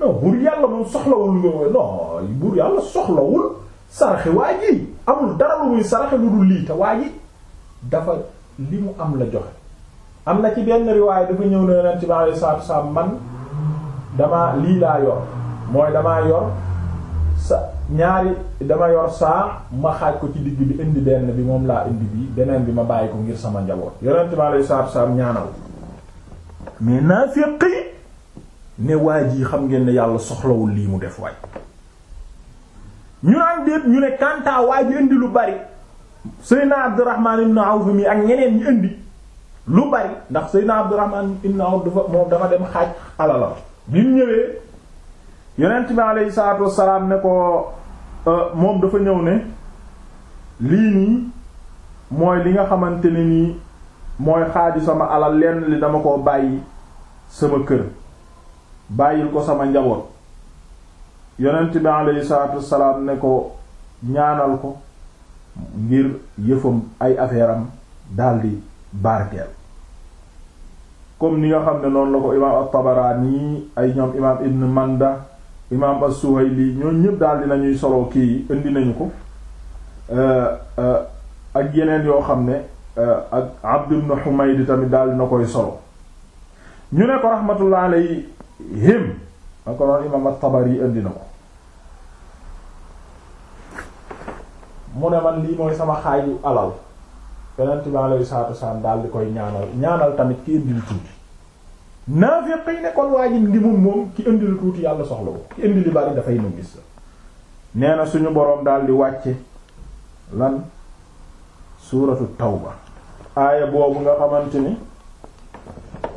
Speaker 1: non buur yàlla moom soxlawul nga non buur yàlla soxlawul saraxe waa ji amul dara lu muy saraxe lu dul lii te waa ji dafa li mu am la joxe am na ci benn riwaay dafa ñëw na yonent bi alayhi salaatu wasalaam man damaa lii laa yor mooy damaa yor sa ñaari dama yor saa ma xaaj ko ci digg bi indi benn bi moom laa indi bi beneen bi ma bàyyi ko ngir sama njaboot yonent bi alayhi salaatu wasalaam mais naafiq yi ne waa ji xam ngeen yàlla soxlawul lii mu def waay ñu naan déet ñu ne kanta waa ji indi lu bari Seydina Abdurrahman ibn Awf mi ak ñeneen ñi indi lu bari ndax Seydina Abdurrahman ibn Awf dafa moom dafa dem xaaj alalam bi mu ñëwee yonent bi aleyhi salaatu wassalaam ne ko euh, moom dafa ñëw ne lii nii mooy li nga xamante ni nii mooy xaaju sama alal lenn li dama koo bàyyi sama kër bàyyil ko sama njaboot yonent bi alayhi salaatu wassalaam ne ko ñaanal ko ngir yëfam ay affaire am daldi barkeel comme ni nga xam ne noonu la ko imaam at-Tabaraani ay ñoom imaam Ibn Manda imaam as-Suhayli ñoo ñëpp daldi nañuy solo kii indi nañu ko euh, euh, ak yeneen yoo xam ne euh, ak Abd ibn Humayd tamit daldi na koy solo ñu ne ko rahmatullah alayhim na ko noon imaam at-Tabari indi na ko mu ne man lii mooy sama xaayu alal yonent bi alayhi salaatu wasalaam daal di koy ñaanal ñaanal tamit ki indi lu tuuti naafiqi ne kon waa ji ndimum moom ki indi lu tuuti yàlla soxla ko ki indi li bari dafay nu gis nee na suñu boroom daal di wàcce lan suuratu tawba aaya boobu nga xamante ni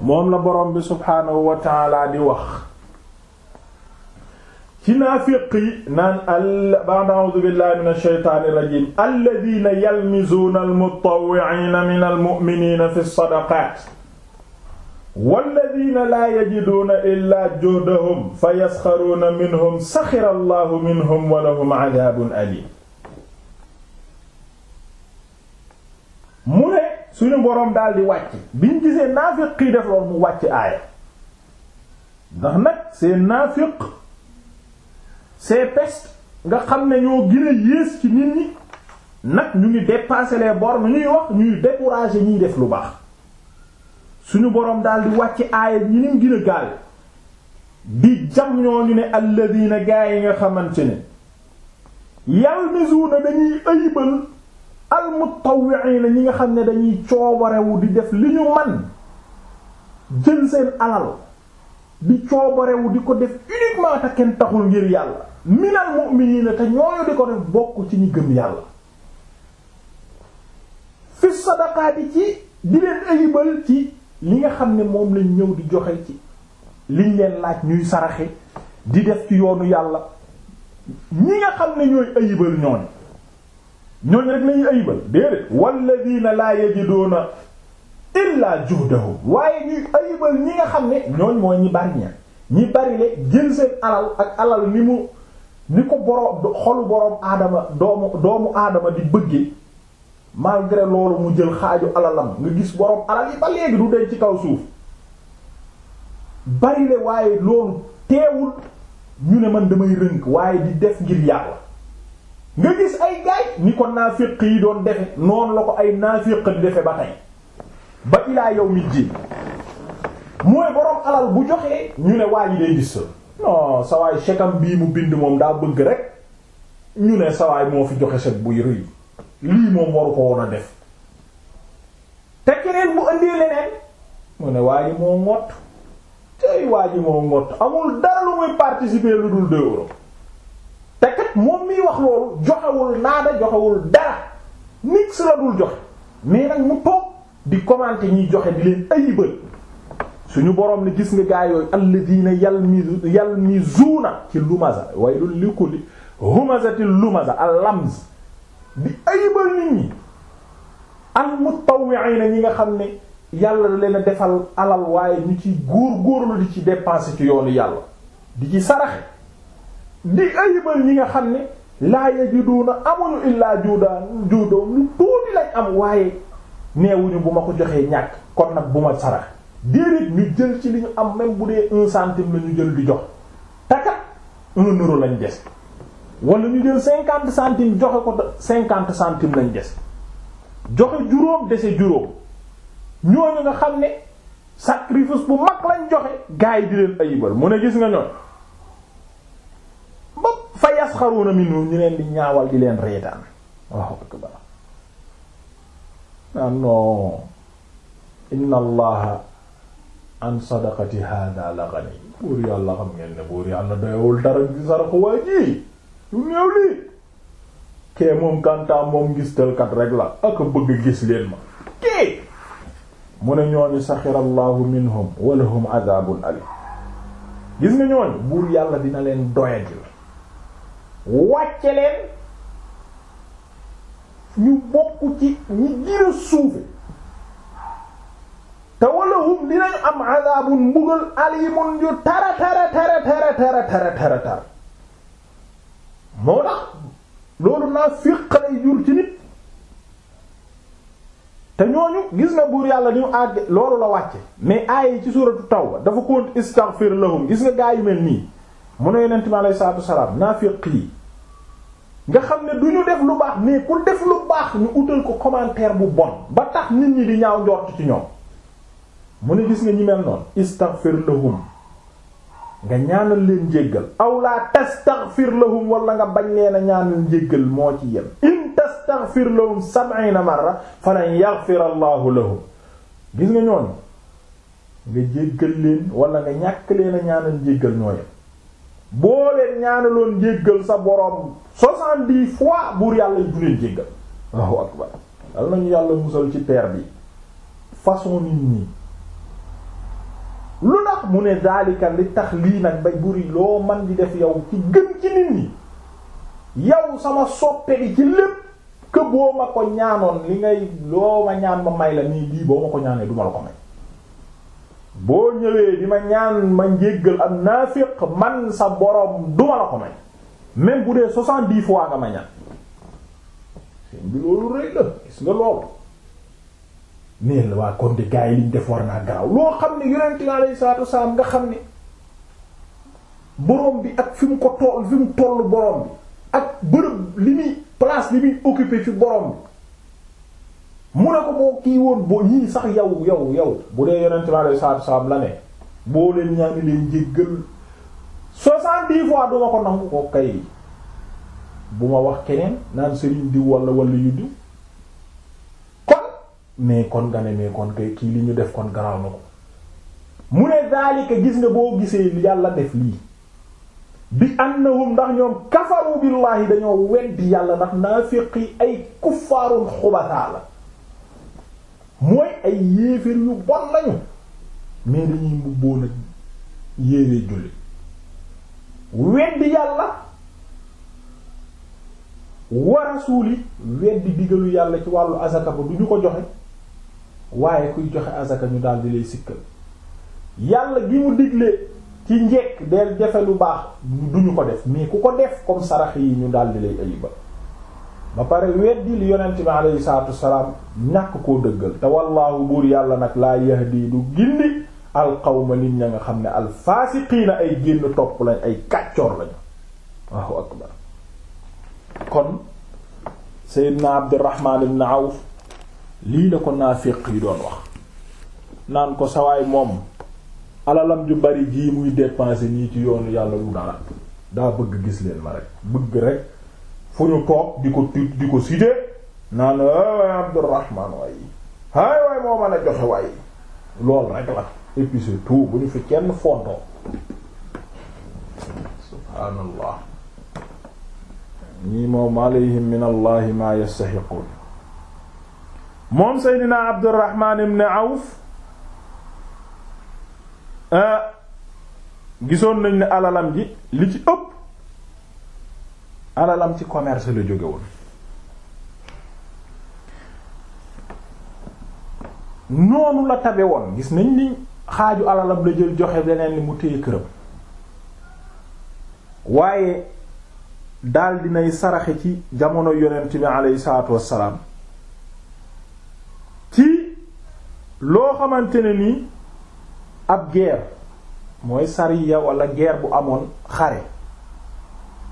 Speaker 1: moom la borom bi subhaanahu wa taala di wax ci naafiq yi naan ba'da a'uudu billahi min ash-shaytaani rajiim alladhiina yalmizuuna al-mutawwi'iina min al-mu'miniina fi as-sadaqaat walladhiina laa yajiduuna illaa juhdahum fayaskharuuna minhum sakhira allahu minhum wa lahum 'adhaabun aliim suñu boroom daal di wàcc biñ gisee naafiq yi def loolu mu wàcc aaya ndax nag c'est naafiq c'est peste nga xam ne ñoo gën a yées ci nit ñi nag ñu ngi dépasser les bornes ñuy wax ñuy décourager ñuy def lu baax suñu boroom daal di wàcc aaya ñi ñu gën a gaal di jam ñooñu ne alladina gaa yi nga xamante ne yalmizuuna dañuy ëybal almutawwi'ina ñi nga xam ne dañuy coobarewu di def li ñu man jël seen alal di coobarewu di ko def uniquement te kenn taxul ngir yàlla minal mu'minina te ñooñu di ko def bokk ci ñu gëm yàlla fi sadaqaati ci di leen ayibal ci li nga xam ne moom lañ ñëw di joxe ci liñ leen laaj ñuy saraxe di def ci yoonu yàlla ñi nga xam ne ñooy ayibal ñooñu ñooñu rek lañuy ayibal déedéet walladina laa yajiduuna illaa juhdahum waaye ñuy ayibal ñi nga xam ne ñooñ mooy ñi bari ña ñi bari le jël seen alal ak alal ni mu ni ko boroom xolu boroom aadama doomu aadama di bëgge malgré loolu mu jël xaaju alalam nga gis boroom alal yi ba léegi du denc ci kaw suuf bari le waaye loolu teewul ñu ne man damay rënk waaye di def ngir yàlla nga gis ay gaay ni ko naafiq yi doon defe noonu la ko ay naafiq di defe ba tey ba ilaa yawmi diin mooy borom alal bu joxee ñu ne waa ji day gis non sa waay chekam bii mu bind moom daa bëgg rekk ñu ne sa waay moo fi joxe chèque buy rëy lii moom waru ko woon a def te keneen bu ëndee leneen mu ne waa ji moo ngott tey waa ji moo ngott amul dara lu muy lu dul deux te kat moom miy wax loolu joxewul naada joxewul dara nit la dul joxe mais nag mu toog di commenter ñuy joxe di leen ayibal suñu borom ne gis nga gaa yooyu alladina mi yalmizuuna ci lumaza waaye lu likuli humazati lumaza al-lamz di ayibal nit ñi al mutawwi'ina ñi nga xam ne yàlla da leen a defal alal waaye ñu ci góor góorlu di ci dépenser ci yoonu yàlla di ci saraxe di ayibal ñi nga xam ne laa yajiduuna amuñu illaa juudaan juudoom lu tuuti lañ am waaye neewuñu bu ma ko joxee ñàkk kon nag bu ma sarax déedéet ñu jël ci li ñu am même bu dee un centime la ñu jël di jox takat un euro lañ des wala ñu jël cinquante centimes joxe ko cinquante centime lañ des joxe juróom dese juróom ñooñu nga xam ne sacrifice bu mag lañ joxe gars yi di leen ayibal mu ne gis nga ñoon fa yasxaruuna minhum ñu leen di ñaawal di leen reetaan waaw akbar naan ah, non inna allaha an sadaqati hada la ghani buur yàlla xam ngeen ne buur yàlla doyowul dara gi saraxu waay ji yu néew lii kee moom kantaa moom gis tëlkat rek la ak bëgg gis leen ma kee mu ne ñooñu saxira allahu minhum walahum adabun alim gis nga ñooñu buur yàlla dina leen doyadil wàcce leen ñu bokk ci ñi gën a suufe te wala hum am adabun mbugal alimun yu tara tara tara tara tara tara tara tara moo tax loolu naa féqalay jur ci nit te ñooñu gis nga buur yàlla ni mu àgg loolu la wàcce mais aay yi ci suuratu tawba dafa kont istaghfir lahum gis nga gaa yu mel nii mu ne yonent mi alayhi salaatu salaam naafiq nga xam ne du ñu def lu baax mais ku def lu baax ñu utal ko commentaire bu bon ba tax nit ñi di ñaaw njort ci ñoom mu ne gis nga ñi mel noonu istaghfir nga ñaanal leen jéggal aw laa tastaghfir lahum wala nga bañ leen a ñaanal jéggal moo ci yem in tastaghfir lahum sab'ina marra falan yaghfir allahu lahum gis nga ñoon nga jéggal leen wala nga ñàkk leen a ñaanal jéggal ñoo yem boo leen ñaanaloon jéggal sa boroom soixante-dix fois buur yàlla du leen jéggal waaw akbar dal nañu yàlla musal ci peer bi façon nit ñi lu tax mu ne daalika li tax lii nag ba yi loo man di def yow ci gën ci nit ñi yow sama soppe bi ci lépp que boo ma ko ñaanoon li ngay loo ma ñaan ma may la nii lii boo ma ko ñaanee duma la ko may boo ñëwee di ma ñaan ma njéggal am naafiq man sa borom duma la ko may même bu dee soixante-dix fois nga ma ñaan seen bi loolu rëy la gis nga loolu neen la waa kon yi liñ def war naa garaw loo xam ne yonent bi alayhi salaatu wasalaam nga xam ne borom bi ak fi mu ko toll fi mu toll borom bi ak bërëb li muy place li muy occupé fi borom bi mu ne kii woon boo sax yow yow yow bu dee yonent bi alayhi salaatu salaam la ne boo leen ñaani leen ko nangu ma wax keneen naan sëriñ diw wala mais kon nga kon kii li ñu def kon garaaw daalika gis nga boo gisee yàlla def lii bi na annahum ndax ñoom kafaru billahi dañoo weddi yàlla ndax naafiqi ay kufaarun xubata la mooy ay yéeféer yu bon lañu mais dañuy mbubboo nag yéere julli weddi yàlla war a suuli weddi digalu yàlla ci wàllu azaka ba du ñu ko joxe waaye kuy joxe azaka ñu daal di lay sikkal yàlla gi mu digle ci njekk del jafe lu baax duñu ko def mais ku ko def comme sarax yi ñu daal di lay ayiba ba pare weddi li yonent bi aleyhi salaatu wasalaam ñàkk koo dëggal te wallaahu buur yàlla nag laa yahdi du gindi ma nit ña nga xam ne alfaasiqiina ay génn topp lañ ay kàccoor lañu waaw akbar kon seydna abdirahman ibn awf lii la ko naafiq yi doon wax naan ko sawaay moom alalam ju bari jii muy dépenser nii ci yoonu yàlla lu dara daa bëgg gis leen ma rek bëgg rek fu ñu toog di ko di naan waay Abdurrahman waay haay waay joxe waay lool rek la et puis surtout bu ñu fi kenn fontoo subhaanallah ñii moom alayhim min allahi maa yastaxiqun moom seydina Abdurrahman ibn Awf ah, gisoon nañ ne alalam ji li ci ëpp alalam ci commerce la jóge woon noonu la tabe woon gis nañ ni xaaju alalam la jël joxe leneen li mu téye këram waaye daal dinay saraxe ci jamono yonent bi aleyhi salaatu wassalaam ci loo xamante ne ni ab guerre mooy sariya wala guerre bu amoon xare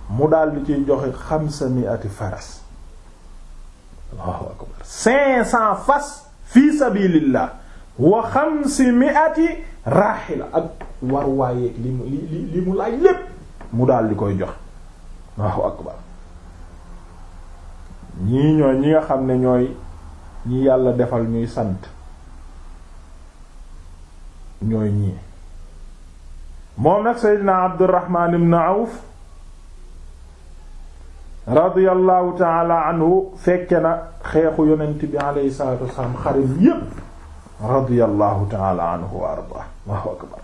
Speaker 1: mu daal ci ciy joxe xamsa miati faras allahu akbar fas fi sabilillah wa xamsi miati raaxila ak war li mu li li mu laaj lépp mu daal koy jox allahu akbar ñii ñooy ñi nga xam ne ñooy ñi yàlla defal ñuy sant ñooy ñii moom nag seydina abdurrahman ibn auf radiyallahu taala anhu fekke na xeexu yonent bi alayhi salatu wasalaam xarim yépp radiyallahu taala anhu wa arda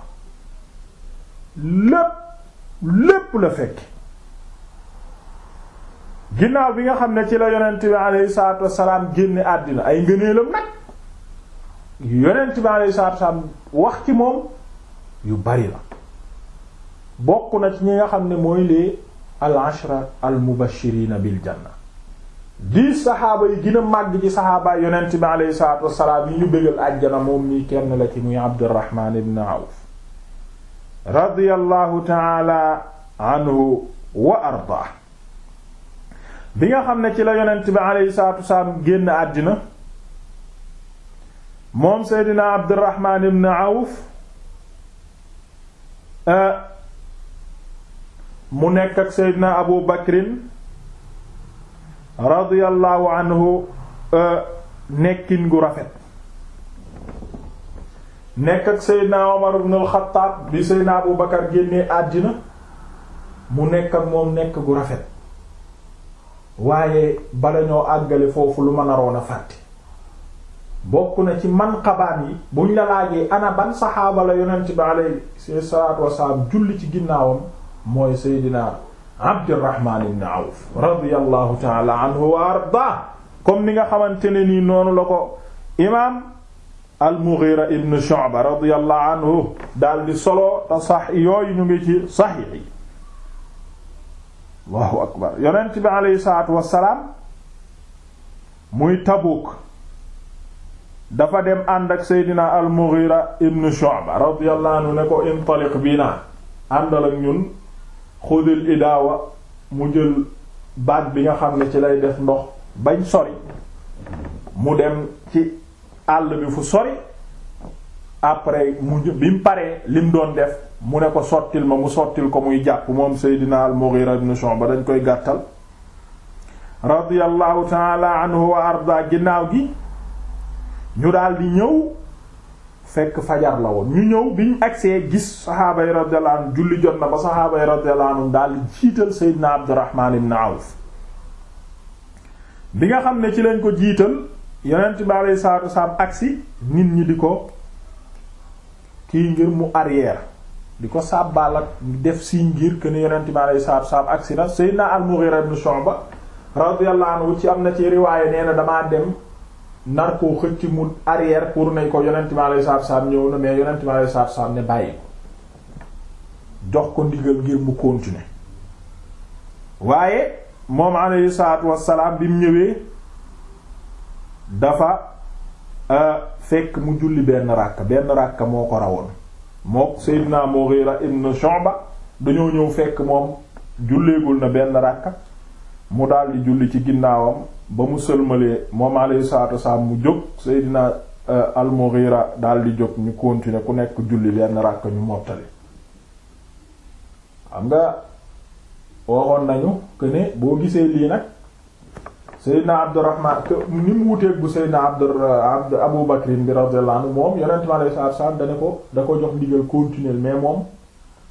Speaker 1: lépp lépp la fekk ginnaaw bi nga xam ne ci la yonent bi alayhi salatu wasalaam génne àddina ay ngëneelam nag yonent bi alayhi salatu wasalaam wax ci moom yu bari la bokk na ci ñi nga xam ne mooy lee al ashra al mubashirina bil janna dix saxaaba yi gën a màgg ci saxaabaay yonent bi aleyhi salaatu wassalaam yi ñu bégal àjjana moom nii kenn la ci muy abdurrahman ibn awf radiyallahu taala anhu wa arda bi nga xam ne ci la yonent bi aleyhi salaatu wassalaam génn àddina moom seydina abdurrahman ibn awf eh, mu nekk ak seydina abu bakrin radiyallahu anhu euh, nekkin gu rafet nekk ak seydina omar ibn al-Khattab bi seydina abu bakar génnee àddina mu nekk ak moom nekk gu rafet waaye bala ñoo àggale foofu lu ma naroon a fàtte bokk na ci man xabaan yi buñ la laajee ban saxaaba la yonent bi alayhi salaatu wasalaam julli ci ginnaawam mooy Seydina Abdurrahman ibn Awf radiyallahu ta'ala anhu wa arda comme ni nga xamante ne nii noonu la ko imaam al-Mughira ibn Shu'ba radiyallahu anhu daal di solo te sax yooyu ñu ngi ci saxiix yi Allahu akbar yonent bi aleyhi salaatu wassalaam muy Tabuk dafa dem ànd ak Seydina al-Mughira ibn Shu'ba radiyallahu anhu ko intaliq bina àndal ak ñun xudil idaawa mu jël baat bi nga xam ne ci lay def ndox bañ sori mu dem ci àll bi fu sori après mu bi mu paree li doon def mu ne ko sottil ma mu sottil ko muy jàpp moom seydinaa al-Mughira ibn ba dañ koy gàttal radiyallahu ta'ala anhu wa arda ginnaaw gi ñu daldi ñëw fekk fajar la woon ñu ñëw bi ñu agsee gis saxaaba yi julli jot na ba saxaaba yi radiyallahu anhum daal jiital Seydina Abdurrahman ibn Awf bi nga xam ne ci lañ ko jiital yonent bi alayhi salaatu agsi nit ñi di ko kii ngir mu arrière di ko sàbbaal ak def si ngir que ne yonent bi alayhi salaatu agsi na Seydina al-Mughira ibn ci am na ci riwaaye nee na damaa dem nar xëcc mu arrière pour nañ ko yonent mi alayhi salaatu salaam ñëw na mais yonent mi alayhi salaatu ne bàyyi ko jox ko ndigal ngir mu continuer waaye moom alayhi salaatu wassalaam bi mu ñëwee dafa euh, fekk mu julli benn ràkk benn ràkk moo ko rawoon mook Seydina Mughira ibn Shu'ba dañoo ñëw fekk moom julleegul na benn ràkk mu daldi julli ci ginnaawam ba mu sëlmalee moom alayhi salaatu wasalaam mu jóg Seydina euh, al-Mughira daldi jóg ñu continuer ku nekk julli benn ràkk ñu mottali xam nga waxoon nañu que boo gisee lii nag Seydina Abdurrahman que ni mu wuteeg bu Seydina Abdur Abd Abu Bakr bi radiyallahu anhu moom yonent mi alayhi salaatu wasalaam da ko da ko jox ndigal continuer mais moom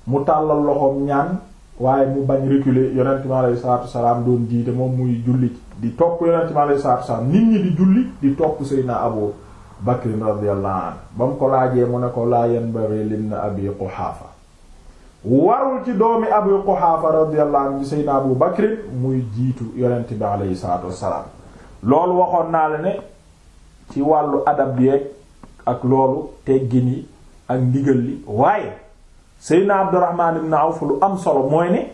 Speaker 1: mu tàllal loxoom ñaan waaye mu bañ reculer yonent mi alayhi salaatu wasalaam doon jiite moom muy julli di topp yonent mi alayhi salaatu wasalaam nit ñi di julli di topp Seydina Abu Bakr radiyallahu anhu ba mu ko laajee mu ne ko laa yanbaghi libni Abi Quhaafa warul ci doomi Abi Quhaafa radiyallahu anhu Seydina Abu Bakr muy jiitu yonent bi alayhi salaatu wasalaam loolu waxoon naa la ne ci wàllu adab yeeg ak loolu teggin yi ak ndigal li waaye Seydina Abdurrahman ibn Awf lu am solo mooy ne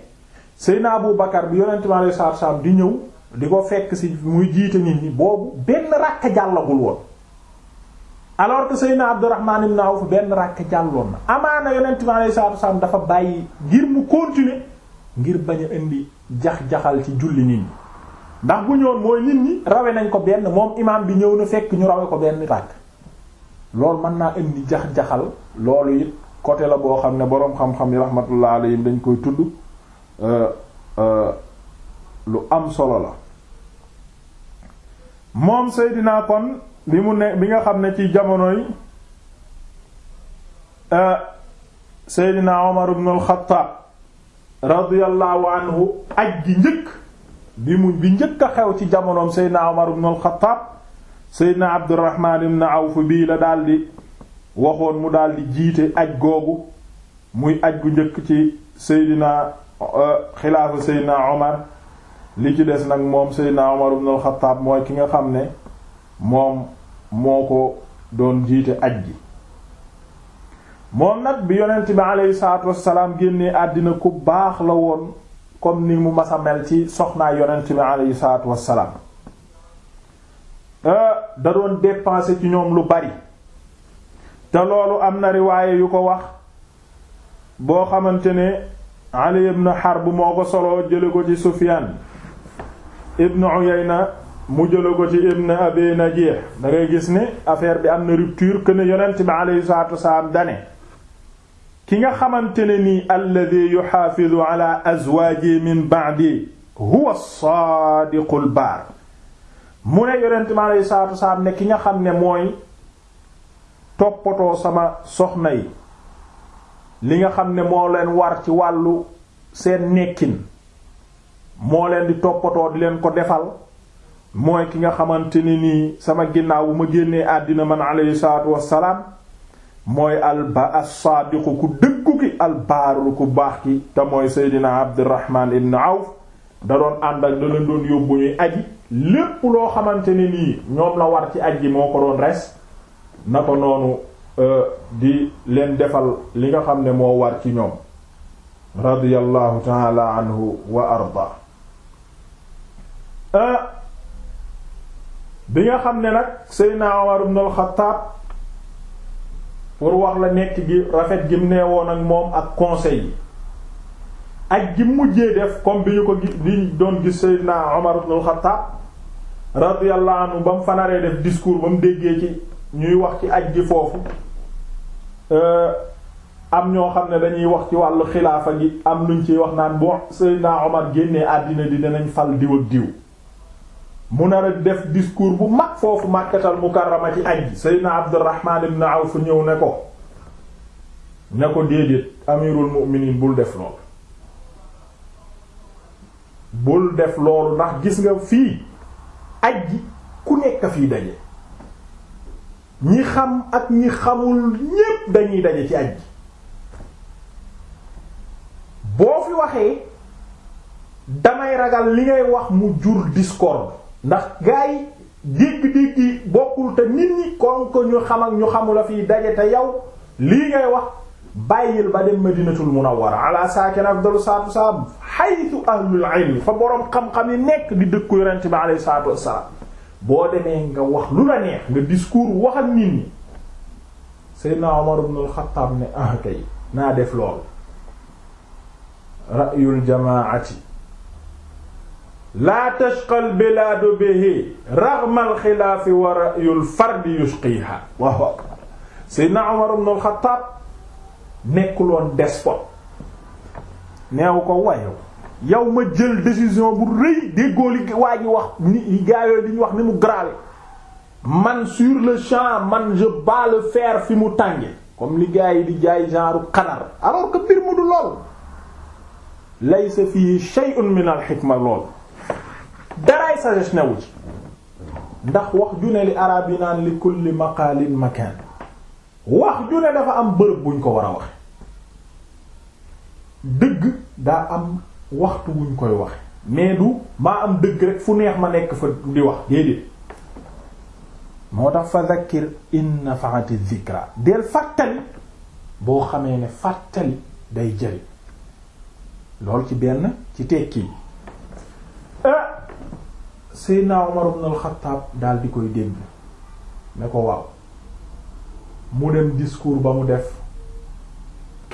Speaker 1: Seydina Abu Bakar bi yonent mi alayhi salaatu salaam di ñëw di ko fekk si muy jiite nit ñi boobu benn ràkk jàllagul woon alors que Seydina Abdurrahman ibn Awf benn ràkk jàlloon na amaana yonent mi alayhi salaatu salaam dafa bàyyi ngir mu continuer ngir bañ indi jax-jaxal ci julli nit ñi ndax bu ñëwoon mooy nit ñi rawe nañ ko benn moom imaam bi ñëw na fekk ñu rawe ko benn ràkk loolu mën naa indi jax-jaxal loolu it côté la boo xam ne boroom xam-xam yi rahmatullah alayhim dañ koy tudd euh, euh, lu am solo la moom Seydina kon bi mu ne bi nga xam ne ci jamono euh, Seydina Omar ibn al-Khattab radiyallahu anhu aj gi njëkk bi mu bi njëkk a xew ci jamonoom Seydina Omar ibn al-Khattab Seydina Abdurrahman ibn Awf bii la daldi waxoon mu daldi jiite aj googu muy aj gu njëkk ci seydina euh, xilaafa seydina Omar li ci des nag moom seydina Omar ibn al mooy ki nga xam ne moom moo ko doon jiite aj gi moom nag bi yonent bi aleyhi salaatu wassalaam génnee àddina ku baax la woon comme ni mu masa mel ci soxnaa yonent bi aleyhi salaatu wassalaam euh, da doon dépenser ci ñoom lu bari te loolu am na riwaaye yu ko wax boo xamante ne Ali ibn Harb moo ko soloo jële ko ci Sufyaan ibn Uyayna mu jële ko ci ibn Abi Najiih da ngay gis ni affaire bi am na rupture que ne yonent bi aleyhi salaatu wasalaam dane ki nga xamante ne nii alladhi yuhaafizu ala azwaaji min ba'di huwa as baar mu ne yonent bi aleyhi salaatu wasalaam ne ki nga xam ne mooy toppatoo sama soxna yi li nga xam ne moo leen war ci wàllu seen nekkin moo leen di toppatoo di leen ko defal mooy ki nga xamante ne nii sama ginnaaw bu ma génnee àddina man alayhi salaatu wassalaam mooy alba as-saadiqu ku dëggu ki albaaru ku baax ki te mooy seydina abdirahman ibn awf da doon ànd ak da leen doon yóbbu ñuy aji lépp loo xamante ne nii ñoom la war ci gi moo ko doon res na ko noonu euh, di leen defal li nga xam ne moo war ci ñoom radiyallahu taala anhu wa arda euh, bi nga xam ne nag Seydina na ibn al-Khattab pour wax la nekk gi rafet gi mu nee woon ak moom ak conseil yi ak gi mujjee def comme bi ñu ko di doon gis Seydina Umar ibn al-Khattab radiyallahu ba mu fanaree def discours ba mu déggee ci ñuy wax ci aj gi foofu euh, am ñoo xam ne dañuy wax ci wàllu xilaafa gi am nuñ ciy wax naan bu Seydina Omar génne àddina di dinañ fal diw diw mu nar a def discours bu mag foofu Makkatal Mukarrama ci aj gi Seydina Abdurrahman ibn Awf ñëw ne ko ne ko déedéet amirul mu'minin bul def loolu bul def loolu ndax gis nga fii aj ku nekk fii daje ñi xam ak ñi xamul ñépp dañuy daje ci aj boo fi waxee damay ragal li ngay wax mu jur discorde ndax gaa yi dégg bokkul te nit ñi kon ko ñu xam ak ñu xamula fiy daje te yow lii ngay wax bàyyil ba dem madinatul munawwara ala saakine afdalu salaatu wasalaam xaytu ahlul ilm fa boroom xam-xam yi nekk di dëkku yonent bi alayhi salaatu wasalaam boo demee nga wax lu la neex nga discours wax ak nit ñi Seydina Omar ibn al-Khattab ne ah kay naa def lool ra'yul jamaa'ati laa tashqal bilaadu bihi raghma al-khilaafi wa ra'yul fardi yushqiha Allahu Omar ibn al-Khattab nekkuloon despot neew ko wayew yow ma jël décision bu rëy déggoo li waa ji wax ni gaayoo di ñu wax ni mu grave man sur le champ man je bats fer fi mu tànge comme li yi di jaay genre xanar alors que mbir mu du lool laysa fii shay'un min al hikma lool daraay sagesse newu ci ndax wax ju ne li arab yi naan li kulli maqaalin makaan wax ju ne dafa am bërëb buñ ko war a waxe dëgg daa am waxtu wuñ koy wax mais du maa am dëgg rek fu neex ma nekk fa di wax déedéet moo tax fa zakkir in nafaati zikra del fàttali boo xamee ne fàttali day jëriñ lool ci benn ci tekki yi ah Seydina Umar ibn al-Khattab daal di koy dégg ne ko waaw mu dem discours ba mu def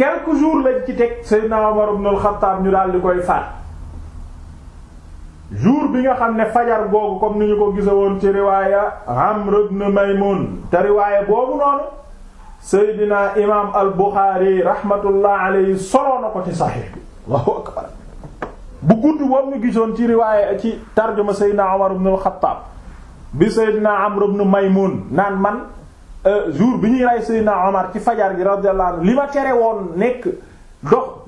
Speaker 1: quelques jours lañ ci teg Seydina Omar ibn al-Khattab ñu daal di koy faat jour bi nga xam ne fajar googu comme ni ñu ko gisa woon ci riwaaya Amr ibn Maymun te riwaaya boobu noonu Seydina imaam al-Bukhari rahmatullah alayhi soloo na ko ci saxiix bi Allahu akbar bu gudd boobu ñu gisoon ci riwaaya ci tarjuma Seydina Omar ibn al bi Seydina Amr ibn Maymun naan man Euh, jour bi ñuy rey Seydina Omar ci fajar gi radiyallahu anhu li ma tere woon nekk dox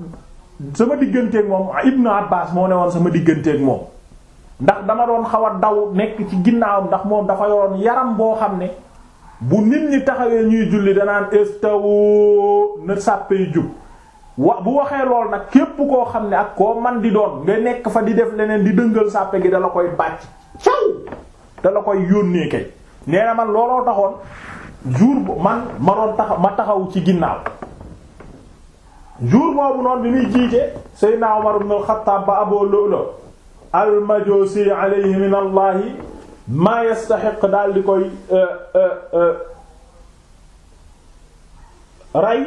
Speaker 1: sama digganteeg moom Ibnu Abbas moo ne woon sama digganteeg moom ndax dama doon xaw daw nekk ci ginnaawam ndax moom dafa yoroon yaram boo xam ne bu nit ñi taxawee ñuy julli danaan istawu na sàppee jub wa bu waxee lool nag képp koo xam ne ak koo man di doon nga nekk fa di def leneen di dëngal sàppe gi dala koy bàcc caw dala koy yónnee kay nee man looloo taxoon jour bo man ma doon taxaw ci ginnaaw jour boobu noonu bi muy jiite Seydina Umar ibn al-Khattab ba Abu Lu'lu' al-Majusi alayhi ma yastahiq daal di koy euh, euh, euh, rey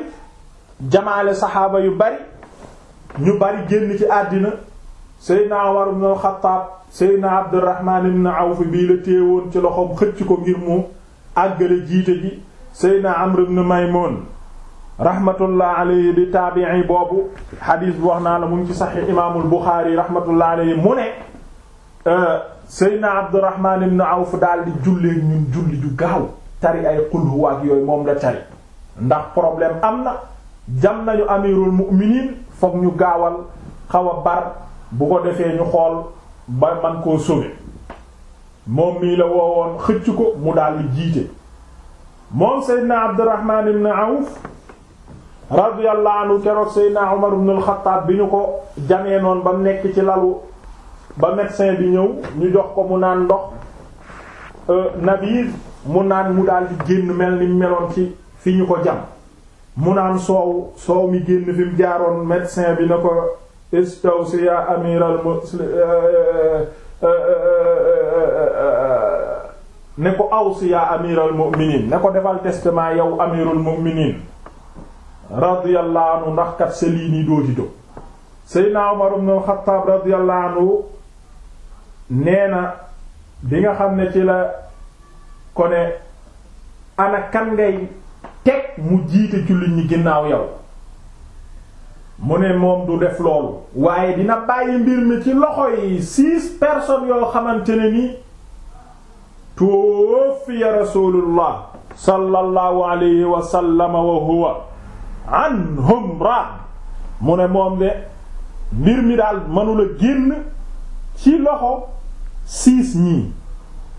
Speaker 1: jamaale saxaaba yu bari ñu bari génn ci àddina Seydina Umar ibn al-Khattab Seydina Abdurrahman ibn Awf bii la téewoon ci loxoom xëcc ko ngir moom àggale jiite ji seydna amr ibn maymun rahmatullah alayhi di taabi'i boobu xadiis bi wax naa la mu ngi ci saxi imaamul buxaari rahmatullah alayhi mu ne euh, seydna abdurrahman ibn awf daal di jullee ñun julli ju gaaw tari ay qul huwa ak yooyu moom la tari ndax problème am na jam nañu amirul mu'minin foog ñu gaawal xaw a bar bu ko defee ñu xool ba man koo sauver moom mii la woowoon xëcc ko mu daal di jiite moom seydna abdurrahman ibn awf radiyallahu anhu keroog seydna umar ibn al-khattab bi ñu ko jamee noon ba nekk ci lalu ba médecin bi ñëw ñu jox ko mu naan ndox euh, nabiir mu naan mu daal di génn mel ni meloon ci fi ñu ko jam mu naan soow soow mi génn fi mu jaaroon médecin bi na ko istawsi ya amiral muslim euh, Euh, euh, euh, ne ko awsi yaa amiral mu'minin ne ko defal testament yow amirul mu'minin radiyallahu anhu ndax kat sa lii nii doo ci jóg Seydina Umar nee na bi nga xam ne ci la ko ne ana kan ngay teg mu jiite jullit ñi ginnaaw yow mu ne moom du def loolu waaye dina bàyyi mbir mi ci loxo yi six personnes yoo xamante ne ni tuwaffiya rasulullah sallallahu alayhi wa sallam wa huwa mu ne moom de mbir mi daal mënula génn ci loxo six ñii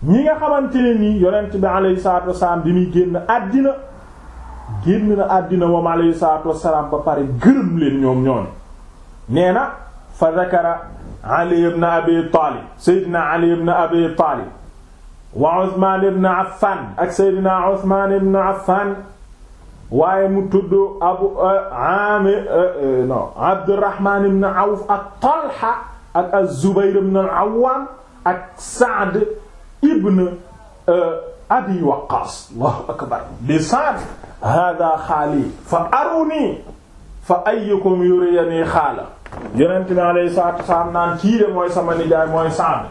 Speaker 1: ñi nga xamante ni nii yonent bi alayhi salaatu wasalaam bi muy génn àddina génn na àddina moom alayhi salaatu wassalaam ba pare gërëm leen ñoom ñoon nee na fa zakara ali ibn abi taalib seydina ali ibn abi taalib wa uthman ibn affan ak seydina uthman ibn affan waaye mu tudd abu amir non abdurrahman ibn awf ak talha ak az-zubayr ibn al-awwam ak saad ibn abi waqaas allahu akbar bi saad hada xaali fa aruni fa ayyukum yuriyani xaala yonent bi alayhi salaatu wasalaam naan kii de mooy sama nijaay mooy saad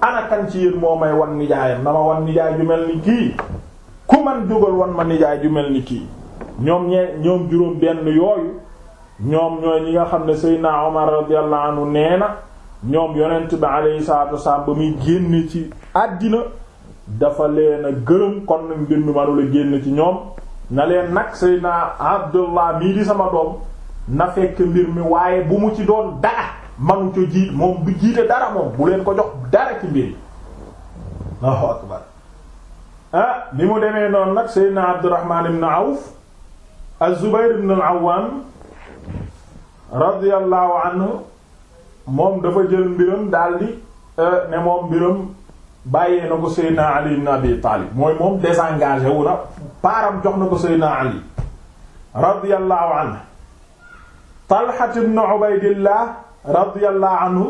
Speaker 1: ana kan ci yéen moo may wan nijaayam na ma wan nijaay ju mel ni kii ku man jógal wan ma nijaay ju mel ni kii ñoom ñee ñoom juróom benn yooyu ñoom ñooy ñi nga xam ne Seydina Omar radiyallahu anhu nee na ñoom yonent bi alayhi salaatu wasalaam ba muy génn ci àddina dafa leen gërëm kon mbir mi manula génn ci ñoom na leen nag Seydina Abdullah mii di sama doom na fekk mbir mi waaye bu mu ci doon dara manu co ji moom du jiite dara moom bu leen ko jox dara ci mbir yi Allahu akbar ah ni mu demee noonu nag Seydina Abdurrahman ibn Awf az-Zubayr ibn al-Awwam radiyallahu anhu moom dafa jël mbiram daldi eh, ne moom mbiram bàyyee na ko Seydina Ali ibn Abi Talib mooy moom désengagé wu na paaram jox na ko Seydina Ali radiyallahu anhu Talha ibn Ubaydillah radiyallahu anhu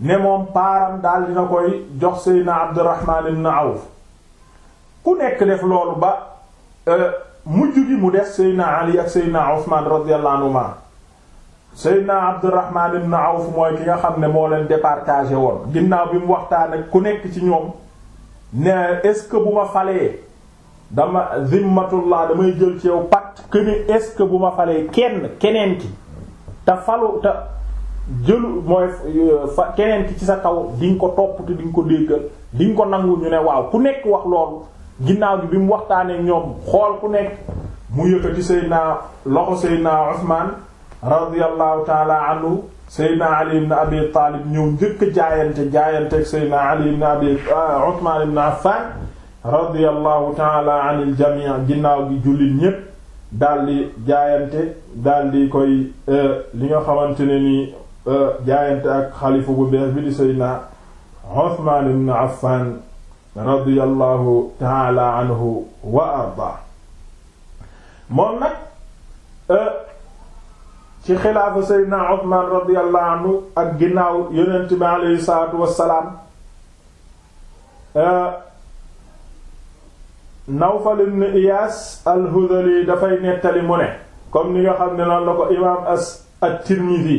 Speaker 1: ne moom paaram daal dina koy jox Seydina Abdurrahman ibn Awf ku nekk def loolu ba euh, mujj gi mu des Seydina Ali ak Seydina Usman radiyallahu anhuma Seydina Abdurrahman ibn Awf mooy ki nga xam ne moo leen départagé woon ginnaaw bi mu waxtaan ak ku nekk ci ñoom ne est-ce que bu ma falee dama zimmatullah damay jël ci yow pat que ni est-ce que bu ma falee kenn keneen ki te falu te jëlu mooy fa keneen ki ci sa kaw di ko topp te ko déggal di ko nangu ñu ne waaw ku nekk wax loolu ginnaaw gi bi mu waxtaanee ñoom xool ku nekk mu yëkkati Seydina loxo Seydina Usman radiyallahu taala anhu seydna ali ibn abi taalib ñëw njëkk jaayante jaayanteeg seydna ali ibn abi ah, Usmaan ibn Affaan radiyallahu taala an il jamii ginnaaw gi jullit ñépp daldi jaayante daldi koy eh, li nga xamante ne ni eh, jaayante ak xalifa bu bees bi di seydna Usmaan ibn Affaan radiyallahu taala anhu wa arda moom nag eh, ci xilaafa seydina Uthman radiyallahu anhu ak ginnaaw yonent bi aleyhi salaatu wassalaam euh, Nawfal ibn Iyaas al-Hudhali dafay nettali mu ne comme ni nga xam ne noonu la ko imaam as at-Tirmidhi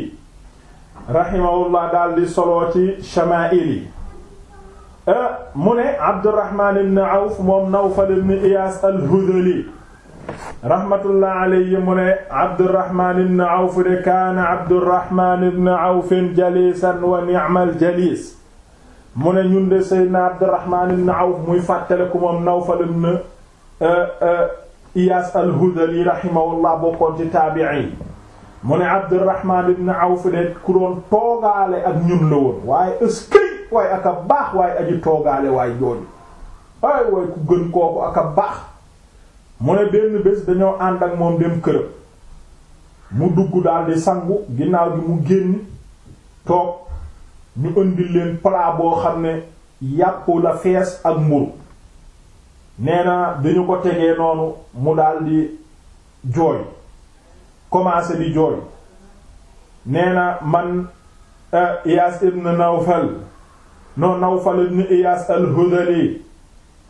Speaker 1: rahimahullah daal di soloo ci shamaa'il yi euh, mu ne Abdurrahman ibn Awf moom Nawfal ibn Iyaas al-Hudhali rahmatullah alayhi mu ne abdurrahman ibn awf de kaana abdurrahman ibn awfin jalisan wa ni'mal jalis mu ne ñun de seydna abdurrahman ibn awf muy fàttale ku moom nawfal ibn euh, euh, iyaas al-hudali rahimahullah bokkoon ci taabi'i mu ne abdurrahman ibn awf de ku doon toogaale ak ñun la woon waaye ëskëy waaye ak a baax waaye aji toogaale waaye jooju waaye waaye ku gën kooku ak a baax mu ne benn bés dañoo ànd ak moom dem këram mu dugg daldi sangu ginnaaw bi mu génn toog ñu ëndil leen plat boo xam ne yàpp la fees ak mburu nee na dañu ko tegee noonu mu daldi jooy commencé di jooy nee na man eh, Iyaas ibn Nawfal non Nawfal ibn Iyaas al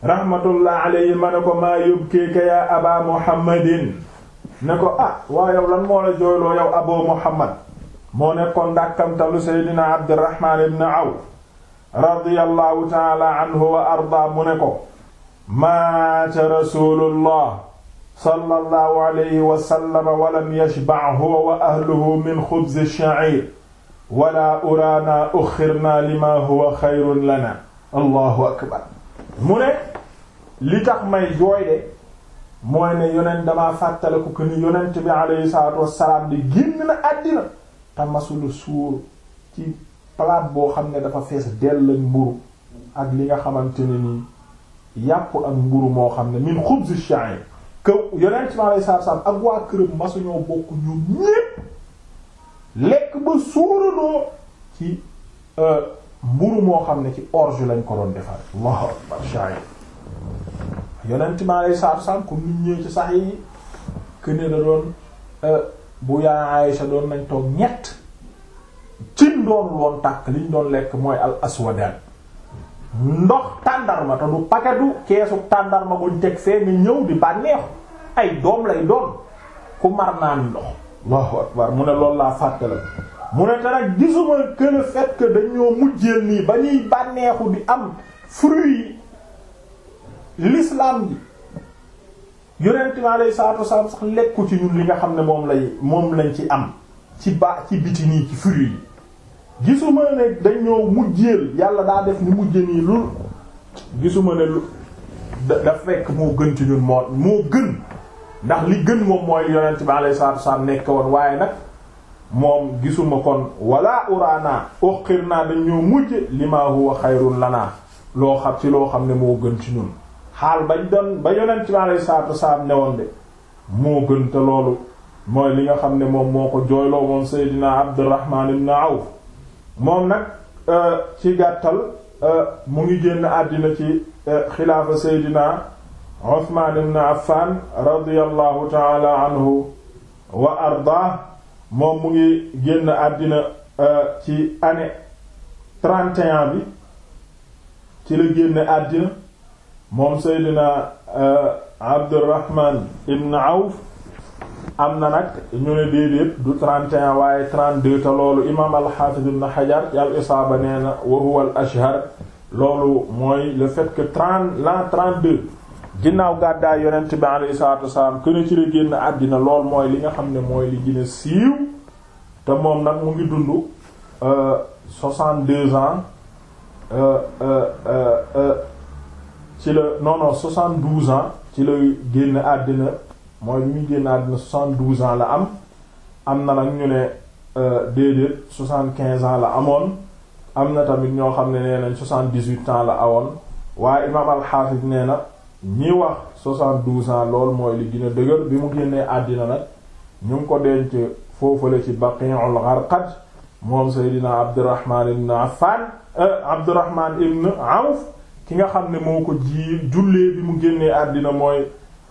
Speaker 1: rahmatullah alayhi ma ne ko maa yubkiika yaa aba muhammadin ne ko ah waa yow lan moo la jooyloo yow abo muhammad moo nekkoon ndàkkamtalu seydina abdirahman ibn awf radiyallahu taala anhu wa arda mu ne ko maata rasulullah sallallahu alayhi wa sallam walam yashba' huwa wa ahluhu min xubz ash-sha'ir wala uraana uxirna lima huwa xayrun lana allahu akbar mu ne li tax may jooy de mooy ne yonent damaa fàttaliku ko ni yonent bi alayhi salaatu wassalaam di génn na àddina te masula suur ci palaat boo xam ne dafa fees dell ak mburu ak li nga xamante ne nii yàpp ak mburu moo xam ne min xubz sha'ir que yonent bi alayhi salaatu wassalaam ak waa këram masuñoo bokk ñoom ñépp lekk ba suuraloo ci euh, mburu moo xam ne ci orge lañ ko doon defar Allahu akbar sha'ir yonent mi alayhi salaatu salaam comme ni ñëwee ci sax yi këne da doon euh, bu yaay Aysa doon nañ toog ñett ci doon woon tàkk liñ doon lekk mooy al aswadaan ndox tàndarma te du paketu keesu tàndarma buñ teg fee nga ñëw di bànneexu ay doom lay doon ku mar naan ndox Allahu akbar mu ne loolu laa fàttale mu ne te nag gisuma que le fait dañoo mujjeel nii ba ñuy bànneexu di am fruit l'islam ji yonent mi alayhi salaatu sax lekku ci ñun li nga xam ne moom lay moom lañ ci am ci ba ci biti nii ci fruit yi gisuma ne dañoo mujjeel yàlla daa def ni mujje nii lul gisuma ne lu da fekk moo gën ci ñun moo gën ndax li gën moom mooy yonent bi alayhi salaatu wasalaam woon waaye nag moom gisuma kon wala uraana uqir naa dañoo mujje limaa huwa xayrun loo xam ci loo xam ne moo gën ci ñun xaal bañ doon ba yonent bi alayhi salaatu wasalaam newoon de moo gën te loolu mooy li nga xam ne moom moo ko jooyloo moom Seydina Abdurrahman ibn Awf moom nag euh, ci gàttal euh, mu ngi génn àddina ci euh, xilaafa Seydina Uthman ibn Affan radiyallahu taala anhu wa ardaah moom mu ngi génn àddina ci année 31 bi ci la génn àddina moom Seydina euh, Abdurrahman ibn Awf am na nag ñu ne déedéet du 31 waaye 32 te loolu imaam al-Hafiz ibn Hajar ci isaaba nee na wa huwa al-ashhar loolu mooy le fait que 30 l'an 32 ginnaaw gàddaay yonent bi alayhi salaatu wasalaam kën ci la génn àddina lool mooy li nga xam ne mooy li gën a siiw te moom nag mu ngi dund euh, ans. Euh, ci la non non soixante-douze ans ci la génn àddina mooy bi muy génn àddina soixante-douze ans la am am na nag ñu ne euh, déedéet soixante-quinze ans la amoon am na tamit ñoo xam ne nee nañ soixante-dix-huit ans la awoon waaye imaam al-Hafiz na ñi wax soixante-douze ans lool mooy li gën dëgër bi mu génnee àddina nag ñu ngi ko denc foofale ci Baqi'ul Gharqad moom Seydina Abdurrahman ibn Affan euh, Abdurrahman ibn Awf ki nga xam ne moo ko ji jullee bi mu génnee àddina mooy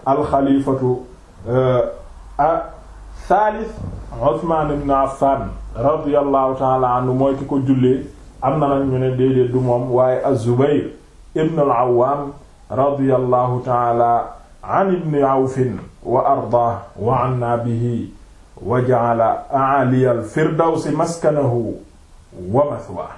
Speaker 1: alxalifatu euh, a thalith Usmaan ibn Affan radiyallahu taala anhu mooy ki ko jullee am na nag ñu ne déedéet du moom waaye az-Zubayr ibn al-Awwam radiyallahu taala an ibn Awfin wa ardaah wa anna bihi wa ja'ala a'ali al-firdawsi maskanahu wa mathwaahu